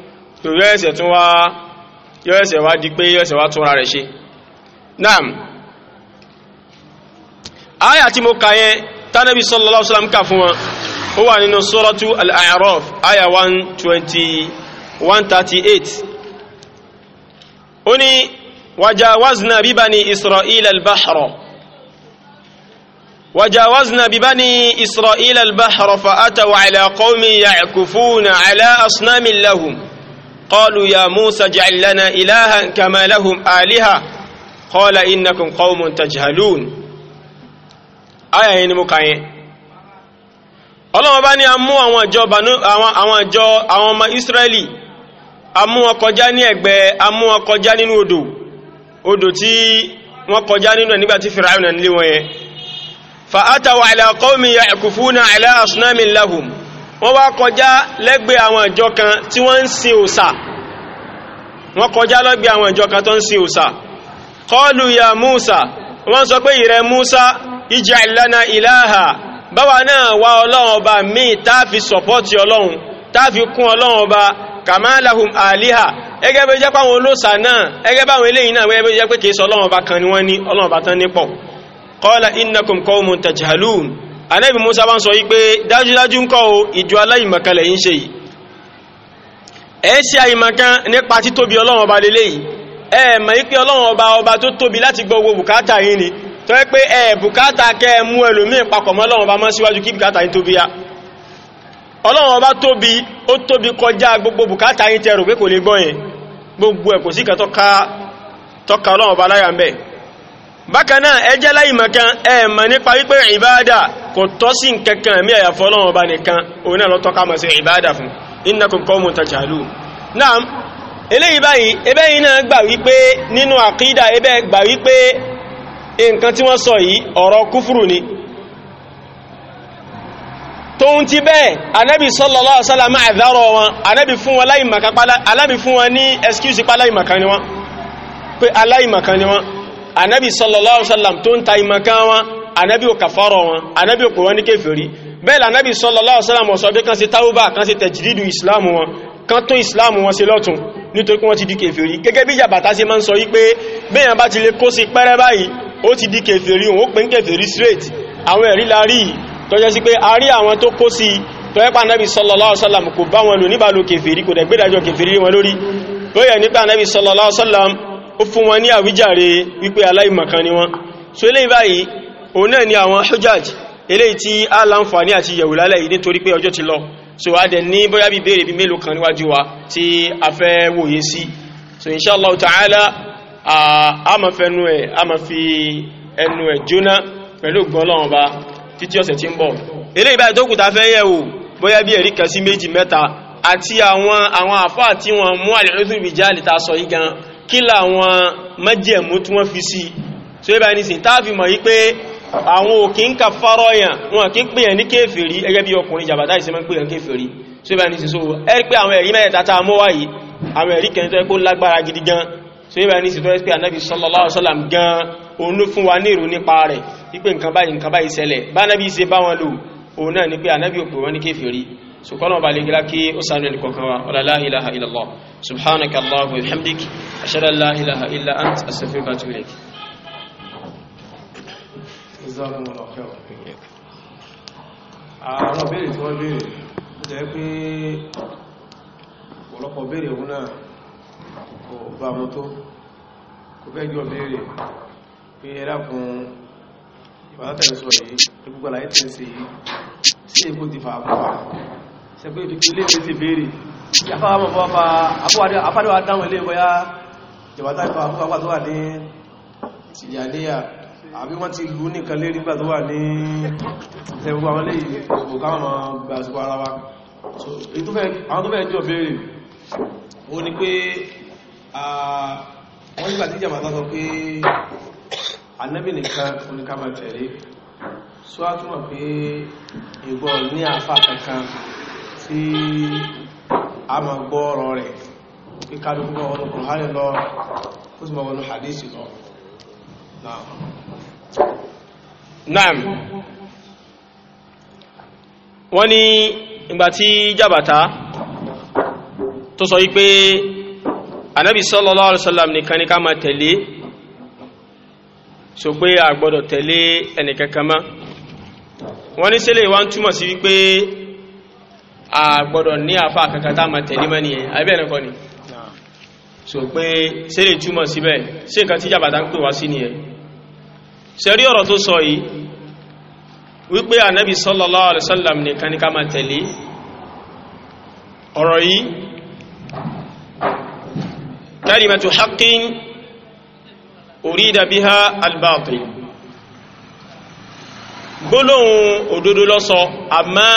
tó yọ ẹsẹ̀ tún wá yọ ẹsẹ̀ wá di pé yọ ẹsẹ̀ wá túnra rẹ̀ ṣe naam aya tí mo kà yẹn tánàbí sallallahu alaihi wasallam kà fún wọn ó wà nínú suratu al-a'raf aya 120 ó ní wajawazna bibani isra'ila al-bahra وجاوزنا ببني إسرائيل البحر فأتوا على قوم يعكفون على أصنام لهم قالوا يا موسى اجعل لنا إلها كما لهم آلهة قال إنكم قوم تجهلون آية هنا مقاين ọlọ́wọ́n bá ní a mú àwọn àjọ àwọn àjọ àwọn ọmọ Israeli a mú wọn kọjá ní ẹ̀gbẹ́ a mú wọn kọjá nínú odò odò tí wọ́n kọjá nínú ẹ̀ nígbà tí Fir'aun nílé wọn yẹn fa atawa ala qawmi ya'kufuna ala asnamin lahum wọ́n wá kọjá lẹ́gbẹ̀ẹ́ àwọn ìjọ kan tí wọ́n ń sin òsà wọ́n kọjá lẹ́gbẹ̀ẹ́ àwọn ìjọ tó ń sin òsà kọlu ya Musa wọ́n sọ pé ìrẹ Musa ìjà ìlànà ìlàhà báwa náà wá ọlọ́run ọba míì táàfi sọ̀pọ́tì ọlọ́run táàfi kún ọlọ́run ọba kàmáàlàhùn àlíhà ẹgẹ́ bẹ́ jẹ́ pàwọn olóòsà náà ẹgẹ́ báwọn eléyìn náà wẹ́gẹ́ bẹ́ jẹ́ pé kìí sọ ọlọ́run ọba ni wọ́n ní ọlọ́run ọba tán nípọ̀ anẹ́bì musa bá ń sọ wípé dájúdájú ń kọ́ o ìjọ aláìmọ̀kanlẹ̀ yí ń ṣe yìí ẹ ṣe àìmọ̀kan nípa títóbi ọlọ́run ọba lélẹ̀ yìí ẹ mọ̀ wípé ọlọ́run ọba ọba tó tóbi láti gbọ́ owó bùkátà yín ni tó yẹ pé ẹ bùkátà kẹ́ mú ẹlòmíín papọ̀ mọ́ ọlọ́run ọba mọ́ síwájú kí bùkátà yín tóbi ya ọlọ́run ọba tóbi ó tóbi kọjá gbogbo bùkátà yín tẹ́ rò pé kò lè gbọ́ yẹn gbogbo ẹ̀ kò sí kan tọ́ka ọlọ́run ọba láyà ń bẹ̀ bákan náà ẹ jẹ́ láìmọ̀kan ẹ mọ̀ nípa wípé ìbáadà kò tọ́ sí nkankan ẹ̀mí àyàfọ́ Ọlọ́run ọba nìkan òun náà lọ́tọ́ ká máa ṣe ìbáàdà fún innakum qawmun tajhalun náà eléyìí báyìí ẹbẹ́ yìí náà gbà wípé nínú àkídà ẹbẹ́ gbà wípé nǹkan tí wọ́n sọ yìí ọ̀rọ̀ kúfùrù ni tóun ti bẹ́ẹ̀ anábì sallallahu alaihi wasallam àdárọ̀ wọn anábì fún wọn excuse pa aláìmọ̀kan ni wọn pé aláìmọ̀kan sallallahu alaihi wasallam tó ànábì o kàfàrọ̀ wọn ànábì ò pè wọ́n ní kèfèrí bẹ́ẹ̀ lànábì sallallahu alaihi wasallam sọ pé kan ṣe táúbà kan ṣe tẹ̀jìdìdù ìsìláàmù wọn kan tún ìsìláàmù wọn ṣe lọ́tún nítorí pé wọ́n ti di kèfèrí gẹ́gẹ́ bí jàbàtà ṣe máa ń sọ wípé bẹ́yàn bá ti lè kó sí pẹ́rẹ́ báyìí ó ti di kèfèrí òun ó pè ń kèfèrí straight àwọn ẹ̀rí la rí tó jẹ́ sí pé a rí àwọn tó kó sí tó ẹ́pà nábi sallallahu alaihi wasallam kò bá wọn lò níbàlò kèfèrí kò dẹ̀gbẹ́dájọ́ kèfèrí wọn lórí ó yẹ nípa nábi sallallahu alaihi wasallam ó fún wọn ní àwíjàre wípé aláìmọ̀kan ni wọn so eléyìí báyìí òun náà ni àwọn hujjaj eléyìí tí a láǹfààní àti yẹ̀wò lálẹ́ yìí nítorí pé ọjọ́ ti lọ so a dẹ̀ ní bóyá bí béèrè bí mélòó kan níwájú wa tí a fẹ́ wòye sí so inshallah ta'ala a ma a ma fi ẹnu ẹ̀ jóná pẹ̀lú gbọ́lọ́wọ́n ba títí ọ̀sẹ̀ tí ń bọ̀ eléyìí báyìí tó kù ta fẹ́ yẹ̀wò bóyá bí ẹ̀rí kan sí méjì mẹ́ta àti àwọn àwọn àfáà tí wọ́n mú kí làwọn májẹ̀mú tí wọ́n fi sí so ẹ báyìí nísìnyí tá a fi mọ̀ yìí pé àwọn òkè ń kàfàrọ̀ yàn wọn kí pè yàn ní kéfèrí ẹgẹ́ bí ọkùnrin jàbàtà ìsinmọ́ pè yàn kéfèrí so ibà ní sí so ẹ pé àwọn ẹ̀rí mẹ́ta tá a mọ́ wáyìí àwọn ẹ̀rí kẹ́ntọ́ ẹ̀kọ́ lágbára gidi gan so ibà ní sí tó ẹ́sì pé anábì sallallahu alaihi wasallam gan òun ló fún wa ní ìrò nípa rẹ̀ wípé nǹkan báyìí so kọ́nà ọba lè gíra kí ó sànú ẹnì kọ̀ọ̀kan wa ọ̀là la ilaha illallah subhanaka allahumma wa bihamdik ashhadu an la ìzágun ọ̀fẹ́ ọ̀fẹ́ àwọn béèrè tí wọ́n béèrè ó jẹ́ pé ọ̀pọ̀lọpọ̀ béèrè òun náà kò bá mú tó kò fẹ́ jọ béèrè pé ẹlákun ìbátẹ́sọ yìí gbogbo àlàyé tẹ́sí yìí sí èkó ti fà àpá ṣe pé ilé ìwé ti béèrè afáwà mọ̀ àbí wọ́n ti lú nìkan lérí gbà tó wà ní ẹgbogbo àwọn lè ìgbò káwọn gbà sí ara wa àwọn tó fẹ́ jọ bèèrè o ní pé wọ́n nígbà tí jàmàtà sọ pé anẹ́bì nìkan oníkàmà tẹ̀lé so a túnmọ̀ pé ìgbọ́ ní àfà kankan tí a ma gbọ́ ọ̀rọ̀ rẹ̀ kíkàdùkú mọ́ ọdún kùnhálẹ̀ lọ ó sì naam wọ́n ni ìgbà tí jàbàtà tó sọ wípé anábì sallallahu alaihi nìkan ní ká tẹ̀lé so pé a gbọ́dọ̀ tẹ̀lé ẹnìkankan mọ́ wọ́n ní sílẹ̀ wá ń sí wípé a gbọ́dọ̀ ní àfá kankan tá máa tẹ̀lé mọ́ nìyẹn abẹ́rẹ́ kọ́ ni so pé sílẹ̀ túmọ̀ síbẹ̀ sí nǹkan tí jàbàtà ń pè wá sí ṣẹ̀rí ọ̀rọ̀ tó sọ yìí wípé ànábì sallallahu alaihi wasallam nìkan ní ká máa tẹ̀lé ọ̀rọ̀ yìí kalimatu haqqin urida biha al-batil gbólóhùn òdodo lọ́sọ àmá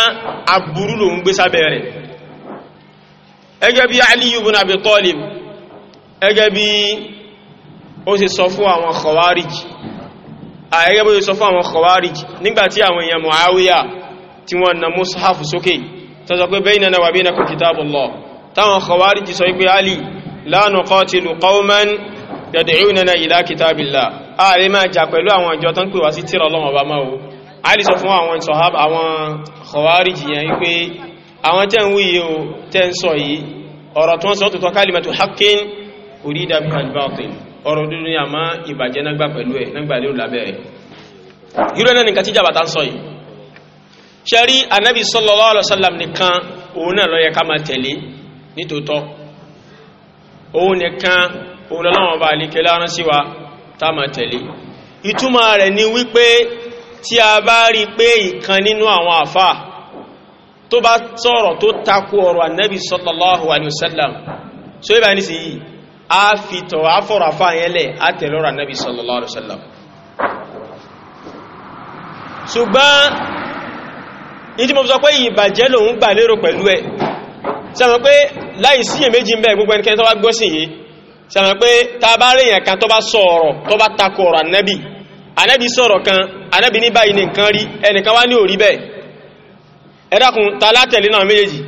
aburú lòun gbé sábẹ́ rẹ̀ ẹgẹ́ bí Aliyu ibn Abi Talib ẹgẹ́ bí ó sì sọ fún àwọn Khawarij àyẹ́gẹ́ bó sọ fún àwọn khawarij nígbàtí àwọn èèyàn Muawiya tí wọ́n na mushaf sókè tọ́sọ pé baynana wa baynakum kitabullah táwọn khawarij sọ pé Ali la nuqatilu qauman yad'unana ila kitabillah ààrẹ máa jà pẹ̀lú àwọn ìjọ tán pè wá sí tírà Ọlọ́run Ọba máa o Ali sọ fún àwọn sọ̀háb ọ̀rọ̀ dúdú ní àmá ìbàjẹ́ nágbà pẹ̀lú ẹ̀ nágbà lérò lábẹ́rẹ̀ irú ẹ̀nà nìkan sallallahu alaihi wasallam nìkan òun náà ló yẹ ká máa tẹ̀lé nítòótọ́ òun nìkan òun wa tá máa tẹ̀lé rẹ̀ ni wípé tí a bá rí pé ìkan nínú àwọn àfà tó bá sọ̀rọ̀ tó takú ọ̀rọ̀ anábì sallallahu alaihi wasallam so ibà ní sí yìí a fìtọ̀ afọ̀rọ̀ afá yẹn lẹ̀ a tẹ̀lọ́rọ̀ sallallahu alaihi wasallam ṣùgbọ́n ìdí mo sọ pé ìbàjẹ́ lòun gbà lérò pẹ̀lú ẹ̀ sẹ́mọ̀ pé láì síyè méjì ń bẹ̀ gbogbo ẹnikẹ́ni tó bá gbọ́sìn yìí sẹ́mọ̀ pé ta bá rí èèyàn kan tó bá sọ tó bá takò ọ̀rọ̀ anábì anábì sọ̀rọ̀ kan anábì ní báyìí ní nǹkan rí ẹnìkan wá ní òrí bẹ́ẹ̀ ẹ dákun ta látẹ̀lé náà méjèèjì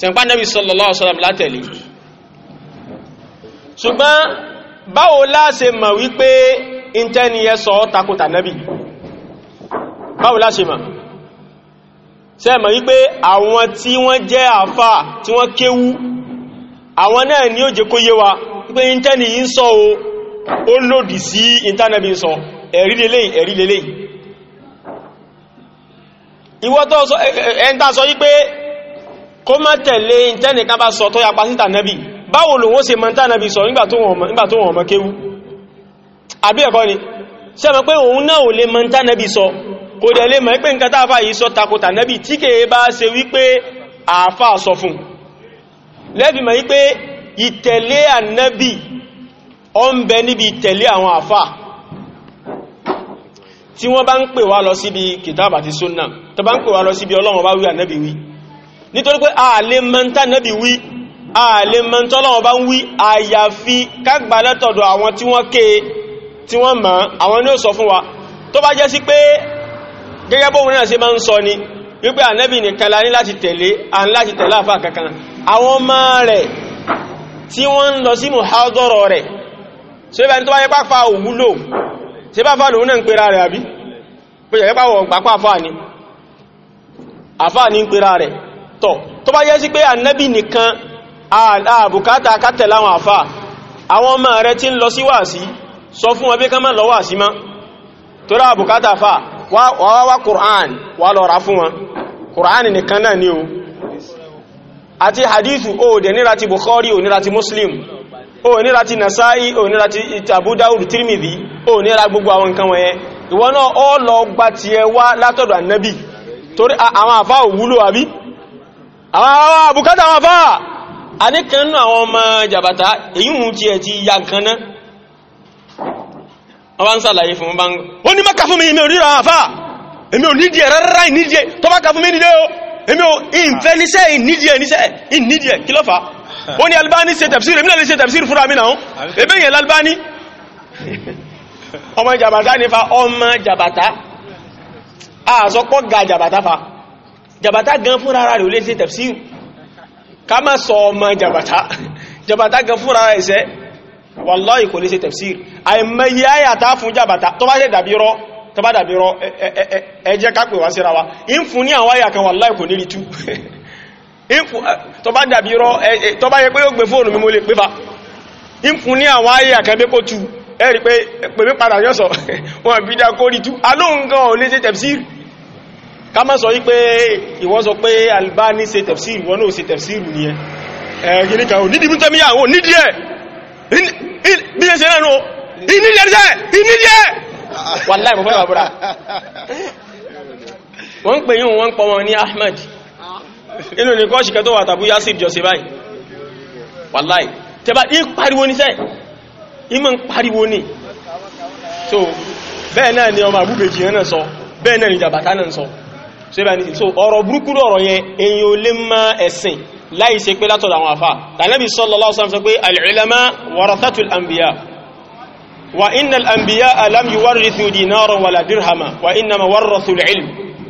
sẹ́mọ̀ pé anábì sallallahu alaihi wasallam látẹ̀lé ṣùgbọ́n báwo láṣe mọ̀ wípé intẹ́niyẹ sọ takòtà nẹ́bì báwo láṣe mọ̀ ṣe mọ̀ wípé àwọn tí wọ́n jẹ́ àfà tí wọ́n kéwú àwọn náà ni ó jẹ́ kó yé wa wípé intẹ́niyí ń sọ o ó lòdì sí intẹ́nẹ́bì sọ ẹ̀rí lélẹ́yìn tó sọ ẹ̀ẹ́ntà sọ wípé kó má tẹ̀lé bá sọ tó yapa síta nẹ́bì báwo lò wọ́n ṣe mọ̀ tánà bí sọ nígbà tó wọ́n mọ̀ kéwú àbí ẹ̀kọ́ ni ṣe mọ̀ pé òun náà ò lè mọ̀ tánà bí sọ kò dẹ̀ lè mọ̀ pé nǹkan táàfà yìí sọ takòtà nẹ́bì tí kèé bá ṣe wípé àáfà sọ fún lẹ́bì mọ̀ wípé ìtẹ̀lé ànẹ́bì ọ ń bẹ níbi ìtẹ̀lé àwọn àáfà tí wọ́n bá ń pè wá lọ síbi kìtàbà àti nítorí pé a lè mọ̀ tánà bí wí ààlè mẹ́ntọ́lọ́wọ́ bá ń wí àyàfi kágbà lẹ́tọ̀dọ̀ àwọn tí wọ́n kéè tí wọ́n mọ̀ àwọn ní ó sọ fún wa tó bá jẹ́ sí pé gẹ́gẹ́ bóhun náà ṣe máa ń sọ ni wípé ànẹ́bì nìkan la ní láti tẹ̀lé à ń láti tẹ̀lé àfà kankan àwọn ọmọ rẹ̀ tí wọ́n ń lọ sí muhadọ́rọ̀ rẹ̀ ṣe bá ní tó bá yẹ pápá òwúlò ṣe bá fàánù náà ń pera rẹ̀ tọ̀ tó bá jẹ́ sí pé ànẹ́bì nìkan àbùkátà kátẹ̀ láwọn àfà àwọn ọmọ rẹ̀ tí ń lọ sí wàásí sọ fún wọn bí kán má lọ wàásí má torí àbùkátà fà wà wá kùrán wà lọ rà fún wọn kùrán nìkan náà ni o àti hadithu o dẹ̀ níra ti bukhari o níra ti muslim o níra ti nasa'i o níra ti abu dawud tirmidhi o níra gbogbo àwọn nǹkan wọ̀nyẹn ìwọ náà ọ lọ gba tiẹ̀ wá látọ̀dọ̀ annabi torí àwọn àfá òwúlò àníkànnú àwọn ọmọ jàbàtà èyí mú tí ẹ ti ya nǹkan náà wọ́n bá ń sàlàyé fún bá ń ó ní mọ́ka fún mi èmi ò ríra àfà ò nídìí rárá ìnídìí tó bá ka fún mi nídìí o èmi ò ìfẹ́ níṣẹ́ ìnídìí níṣẹ́ ìnídìí kí ló fà ó *laughs* tafsir èmi náà lè ṣe tafsir fúnra mi náà ebe yẹn l'Albani *laughs* ọmọ jàbàtà ní fa ọmọ jàbàtà àsọpọ̀ fa jàbàtà gan fúnra rẹ̀ ò ká má sọ ọmọ jàbàtá jàbàtá gan fúnra ẹ̀ṣẹ́ wallahi kò lè ṣe tafsir àìmọye ayàtá fún jàbàtá tó bá ṣe dàbírọ́ tó bá dàbírọ́ ẹjẹ́ ká pè wá síra wa in fún ní àwọn ayà kan wallahi kò nílì tú *laughs* tó bá dàbírọ́ tó bá yẹ pé ó gbé fóònù mi mo lè pẹ́fà in fún ní àwọn ayà kan bí kò tú ẹ̀rí pé pèmí padà yọ́sọ̀ *laughs* wọn bí dá kórì tú alóhun gan ò lè ṣe tafsir ká má sọ wípé ìwọ́n sọ pé Albani ṣe tafsir ìwọ́n náà ṣe tafsir ní ẹ ẹ̀yìn kan ò nídìí mútẹ́mí àwọn nídìí ẹ̀ bí ẹ ṣe náà nù ìnídìí ẹ̀ ìnídìí Ahmed inú ní kọ́ ṣìkẹ́ tó wà tàbí Yasir jọsí báyìí wàláì tẹba ní pariwo ní sẹ́ so bẹ́ẹ̀ náà ni ọmọ àbúbejì náà sọ bẹ́ẹ̀ náà ni jàbàtà náà sọ so ọ̀rọ̀ burúkú ọ̀rọ̀ yẹn èyàn ò lè má ẹ̀sìn láì ṣe pé látọ̀dọ̀ àwọn àfà tànàbí sallallahu alaihi wasallam sọ pé al-ulama warathatul anbiya wa innal anbiya lam yuwarrithu dinaran wala dirhama wa innama warrathul ilm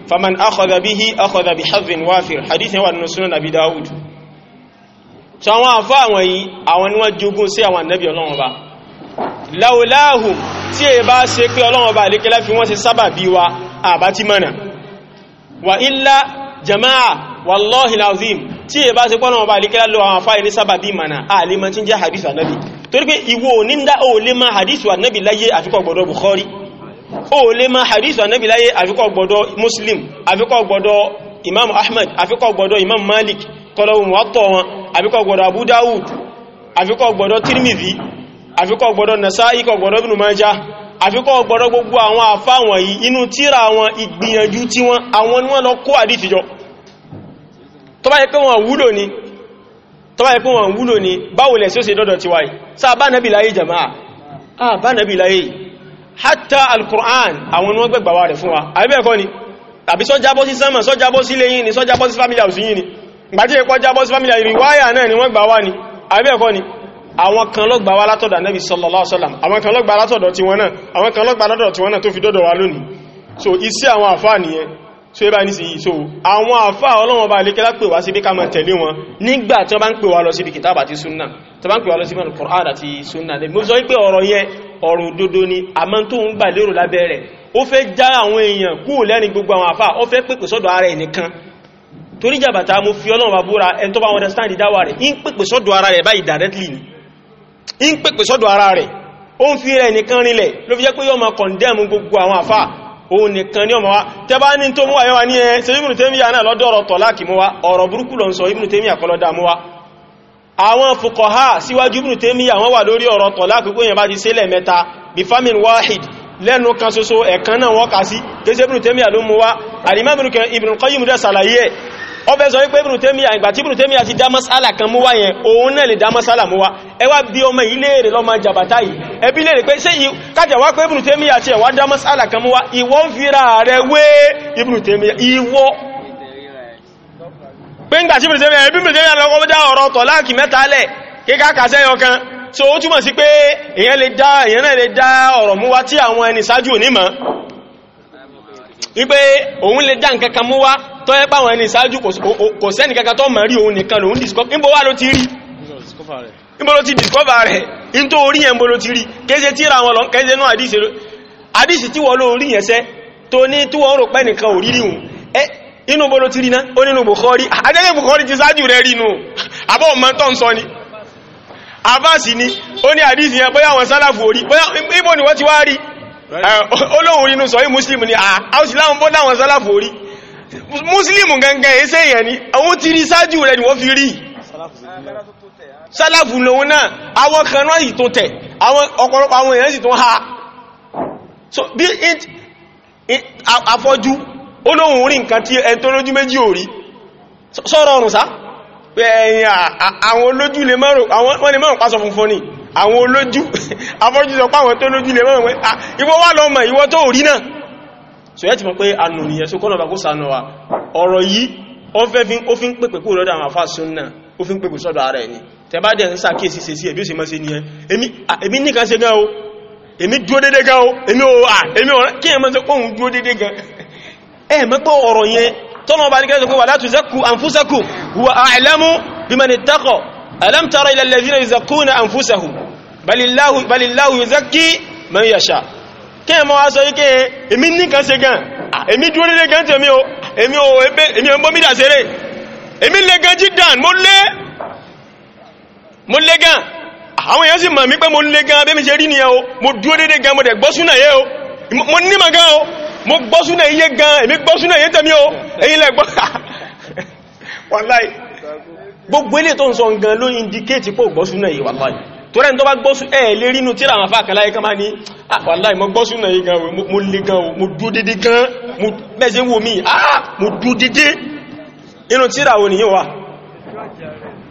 faman akhadha bihi akhadha bihadhin wafir hadith wa an-sunan abi daud so àwọn àfà àwọn yìí àwọn wà ilá jama'a wallahi lazim tí è bá ṣe pọ́nà ọba àlíkẹ́lá lọ àwọn afá irí sábà bí mana àlèmọ́ tí ń jẹ́ hadith ànábì torí pé ìwọ ní dá o lè máa hadith ànábì láyé àfikọ́ gbọ́dọ̀ bukhari o lè máa hadith ànábì láyé àfikọ́ gbọ́dọ̀ muslim àfikọ́ gbọ́dọ̀ imam ahmad àfikọ́ gbọ́dọ̀ imam malik àfikọ́ gbọ́dọ̀ gbogbo àwọn àfá wọn yìí inú tíra wọn ìgbìyànjú tí wọ́n àwọn ni wọ́n lọ kó àdísì jọ tó bá yẹ pé wọ́n wúlò ní tó lẹ̀ sí ó ṣe dọ́dọ̀ ti wáyé sáà bá nàbí láyé jama'a ah bá nàbí láyé hatta al-Qur'an àwọn ni wọ́n gbẹ̀gbà wa rẹ̀ fún wa àbí bẹ́ẹ̀ kọ́ ni tàbí sọ jábọ́ sí sánmà sọ jábọ́ sí lẹ́yìn ni sọ jábọ́ sí family house àwọn kan ló gbà wá látọ̀dọ̀ Ànábì sallallahu alaihi wasallam àwọn kan ló gbà látọ̀dọ̀ tiwọn náà àwọn kan ló gbà látọ̀dọ̀ tiwọn náà tó fi dọ́dọ̀ wa lónìí so iṣẹ́ àwọn àfáà nìyẹn so ẹ ní sí yìí so àwọn àfáà Ọlọ́run bá lè kẹ́lá pè wá síbí ká máa tẹ̀lé wọn nígbà tí wọ́n bá ń pè wá lọ síbi kìtàbà àti súnà tí wọ́n bá ń pè wá lọ síbi Al-Qur'an àti súnà mo sọ pé ọ̀rọ̀ yẹn ọ̀rọ̀ òdodo ni àmọ́ tó ń gbà lérò lábẹ́ ó fẹ́ já àwọn èèyàn kúrò lẹ́ni gbogbo àwọn àfáà ó fẹ́ pèpè sọ́dọ̀ ara ẹ̀ nìkan torí jàbàtà mo fi Ọlọ́run bá búra ẹni tó bá wọn understand dáwà rẹ̀ ń pèpè sọ́dọ̀ ara rẹ̀ báyìí directly ni ń pèpè sọ́dọ̀ ara rẹ̀ ó ń fi rẹ̀ nìkan rinlẹ̀ ló fi jẹ́ pé yóò máa kọ̀ndẹ́mù gbogbo àwọn àfà òun nìkan ní ọmọ wa tẹ́ bá ní tó mú àyẹ́wà ní ẹ ṣe Ibn Taymiyyah náà lọ́dọ̀ ọ̀rọ̀ tọ̀láàkì mú wa ọ̀rọ̀ burúkú lọ ń sọ Ibn Taymiyyah kọlọ́dà mú wa àwọn fuqaha síwájú Ibn Taymiyyah wọ́n wà lórí ọ̀rọ̀ tọ̀láàkì pé yẹn bá ti ṣe lẹ́ẹ̀mẹ́ta bifamin wahid lẹ́nu kan ṣoṣo ẹ̀kan náà wọ́n kà sí kéṣe Ibn Taymiyyah ló mú wa àrímá Ibn Qayyim ó fẹ́ sọ wípé Ibn Taymiyyah ìgbà tí Ibn Taymiyyah ti dá masala kan mú wá yẹn òun náà lè dá masala mú wá ẹ wá bí ọmọ yìí léèrè lọ́mọ jàbátá yìí ẹbí léèrè pé ṣé kájà wá pé Ibn Taymiyyah ti ẹ̀wá dá masala kan mú wá ìwọ ń fira rẹ wé pé ńgbà tí Ibn Taymiyyah so ó túmọ̀ sí pé èèyàn lè dá èèyàn náà lè dá ọ̀rọ̀ mú wá tí àwọn kan mú wá tó yẹ pàwọn ẹni ìsáájú kò sẹ́ni kankan tó mọ̀ rí òun nìkan lòun discover níbo wá ló ti rí níbo ló ti discover rẹ̀ in tó orí yẹn níbo ló ti rí kéje tí ra wọn lọ kéje náà àdìsí àdìsí tí wọ́n ló rí yẹn sẹ́ tó ní tí wọ́n rò pẹ́ nìkan ò rírí òun ẹ inú bó ló ti rí náà ó nínú Bukhari adẹ́gbẹ̀ Bukhari ti sáájú rẹ̀ rí ni abáàsì ni ó ní àdìsí yẹn ni wọ́n ti wá rí olóhùn muslim gangan ẹsẹ́ èèyàn ni àwọn ti rí sáájú rẹ̀ ni wọ́n fi rí sálàfù lòun náà àwọn kan náà yìí tó tẹ̀ àwọn ọ̀pọ̀lọpọ̀ àwọn èèyàn sì tó ha so bí afọ́jú olóhun orí nǹkan tí ẹn tó lójú méjì ò rí sọ́rọ̀ ọ̀rùn sá ẹ̀yìn àwọn olójú lè márùn wọ́n lè márùn pásọ funfun ni àwọn olójú afọ́jú *laughs* sọ pé àwọn tó lójú lè márùn ìwọ wà lọ́mọ ìwọ tó rí náà so yẹ́ ti mọ̀ pé anù nìyẹn so kọ́nà bàkó sànà wa ọ̀rọ̀ yìí ó fẹ́ fi ó fi ń pèpè kó lọ́dọ̀ àwọn àfáà súnnà ó fi ń pèpè sọ́dọ̀ ara ẹni tẹbá dẹ̀ ń sàkíyèsí o èmi dúó dédé o èmi o à èmi ọ̀rẹ́ kí ẹ mọ́ sọ ohun dúó dédé gan ẹ mọ́ pé ọ̀rọ̀ yẹn tọ́nà ọba nìkan sọ pé wà látù zaku anfusakum huwa a'lamu biman ittaqa alam tara ila alladhina yuzakkuna anfusahum balillahu yuzakki man yasha kí ẹmọ́ wá sọ ike èmi nìkan ṣe gan èmi dúró lé gan tèmi o èmi o èmi ọmọ mídà ṣeré èmi lé gan jídàn mo lé mo lé gan àwọn èèyàn sì mọ̀ mí pé mo lé gan abẹ́mi ṣe rí ni o mo dúró dédé gan mo dẹ̀ gbọ́súnà yé o mo nímọ̀ gan o mo gbọ́súnà iye gan èmi gbọ́súnà iye tèmi o èyí lẹ gbọ́ *laughs* wàláì gbogbo ilé tó ń sọ gan ló indicate pé ò gbọ́súnà yìí wàláì tó rẹ̀ tó bá gbọ́sù ẹ̀ lè rínú tíra àwọn afá àkàláyé kan bá ní àwàláì ah, mọ́ gbọ́sù náà yìí gan mo lè gan mo dúó dédé gan mo wo mi ah mo dúó dédé inú tíra wo nìyàn wà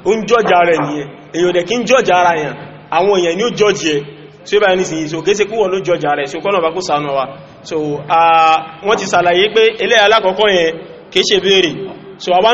ó ń jọ́jà rẹ̀ nìyẹn èyàn dẹ̀ kí ara yàn àwọn ni ó jọ́jì ẹ̀ tí ó bá ní sìn ìṣò kése kúwọ̀ wa so wọ́n ti sàlàyé pé eléyà alákọ̀ọ́kọ́ yẹn kìí ṣe béèrè so àwa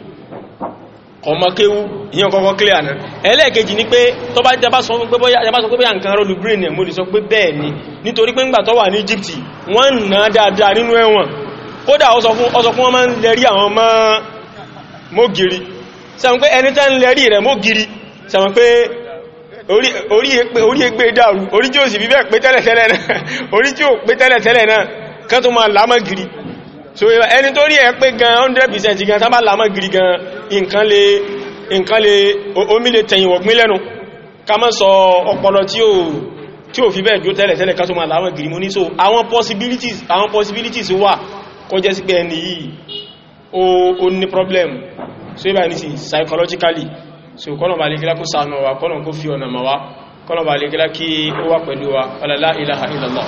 ọmọkéwú ìyẹn kọ́kọ́ clear náà ẹlẹ́ẹ̀kejì ní pé tó bá jẹba sọ pé bóyá nǹkan rọ́lù brain ẹ̀ mo sọ pé bẹ́ẹ̀ ni nítorí pé ńgbà tó wà ní Egypt wọ́n nínú ẹ̀wọ̀n kódà ó wọ́n máa ń lẹ́rí àwọn mọ́gìrì sẹ́wọ̀n pé ẹni *laughs* so ẹni tó rí ẹ pé gan 100% gan sábà lámọ́ gírí gan nǹkan lè nǹkan lè omi lè tẹ̀yìn wọ̀gbín lẹ́nu ká mọ́ sọ ọpọlọ tí ó tí ó fi bẹ́ẹ̀ jó tẹ́lẹ̀ tẹ́lẹ̀ ká tó máa láwọn gírí mú ní so àwọn possibilities àwọn possibilities wà kó jẹ́ sí pé ẹni yìí ó ní problem so ibà ní sí psychologically so kọ́nà bá lékelá kó sànà wa kọ́nà kó fi ọ̀nà mọ̀ wa kọ́nà bá lékelá kí ó wà pẹ̀lú wa ọlọ́lá ilaha illallah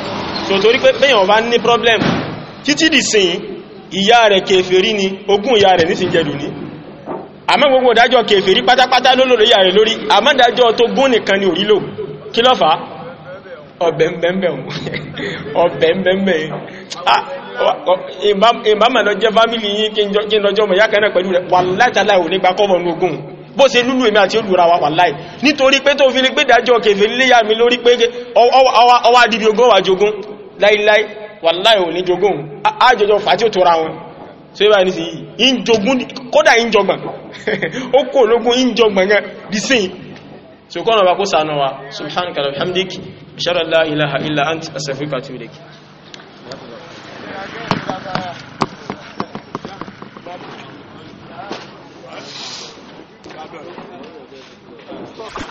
so torí pé bẹ́yàn bá ní problem títí dì sí ìyá rẹ̀ kèfèrí ni ogún ìyá rẹ̀ nísìn jẹ́dù ní àmọ́ gbogbo ìdájọ́ kèfèrí pátápátá lólòrò ìyá rẹ̀ lórí àmọ́ ìdájọ́ tó gún nìkan ni òrílò kí ló fà ọ̀bẹ̀m̀bẹ̀m̀bẹ̀ *laughs* ah, bó ṣe lúlù èmi àti olùra wa wàláì nítorí pé tó fi ní pé dájọ́ kèfèrí léyà mi lórí pé ọwá dìbí ogún wà jogún láíláí wàláì ò ní jogún àjọjọ fàájí ò tó ra wọn *laughs* so yíba ní sí ìjogún kódà ìjọgbọ̀n ó kó ológun ìjọgbọ̀n gan bí sí so kọ́nà bá kó sànà wa subhanaka alhamdik ṣarar la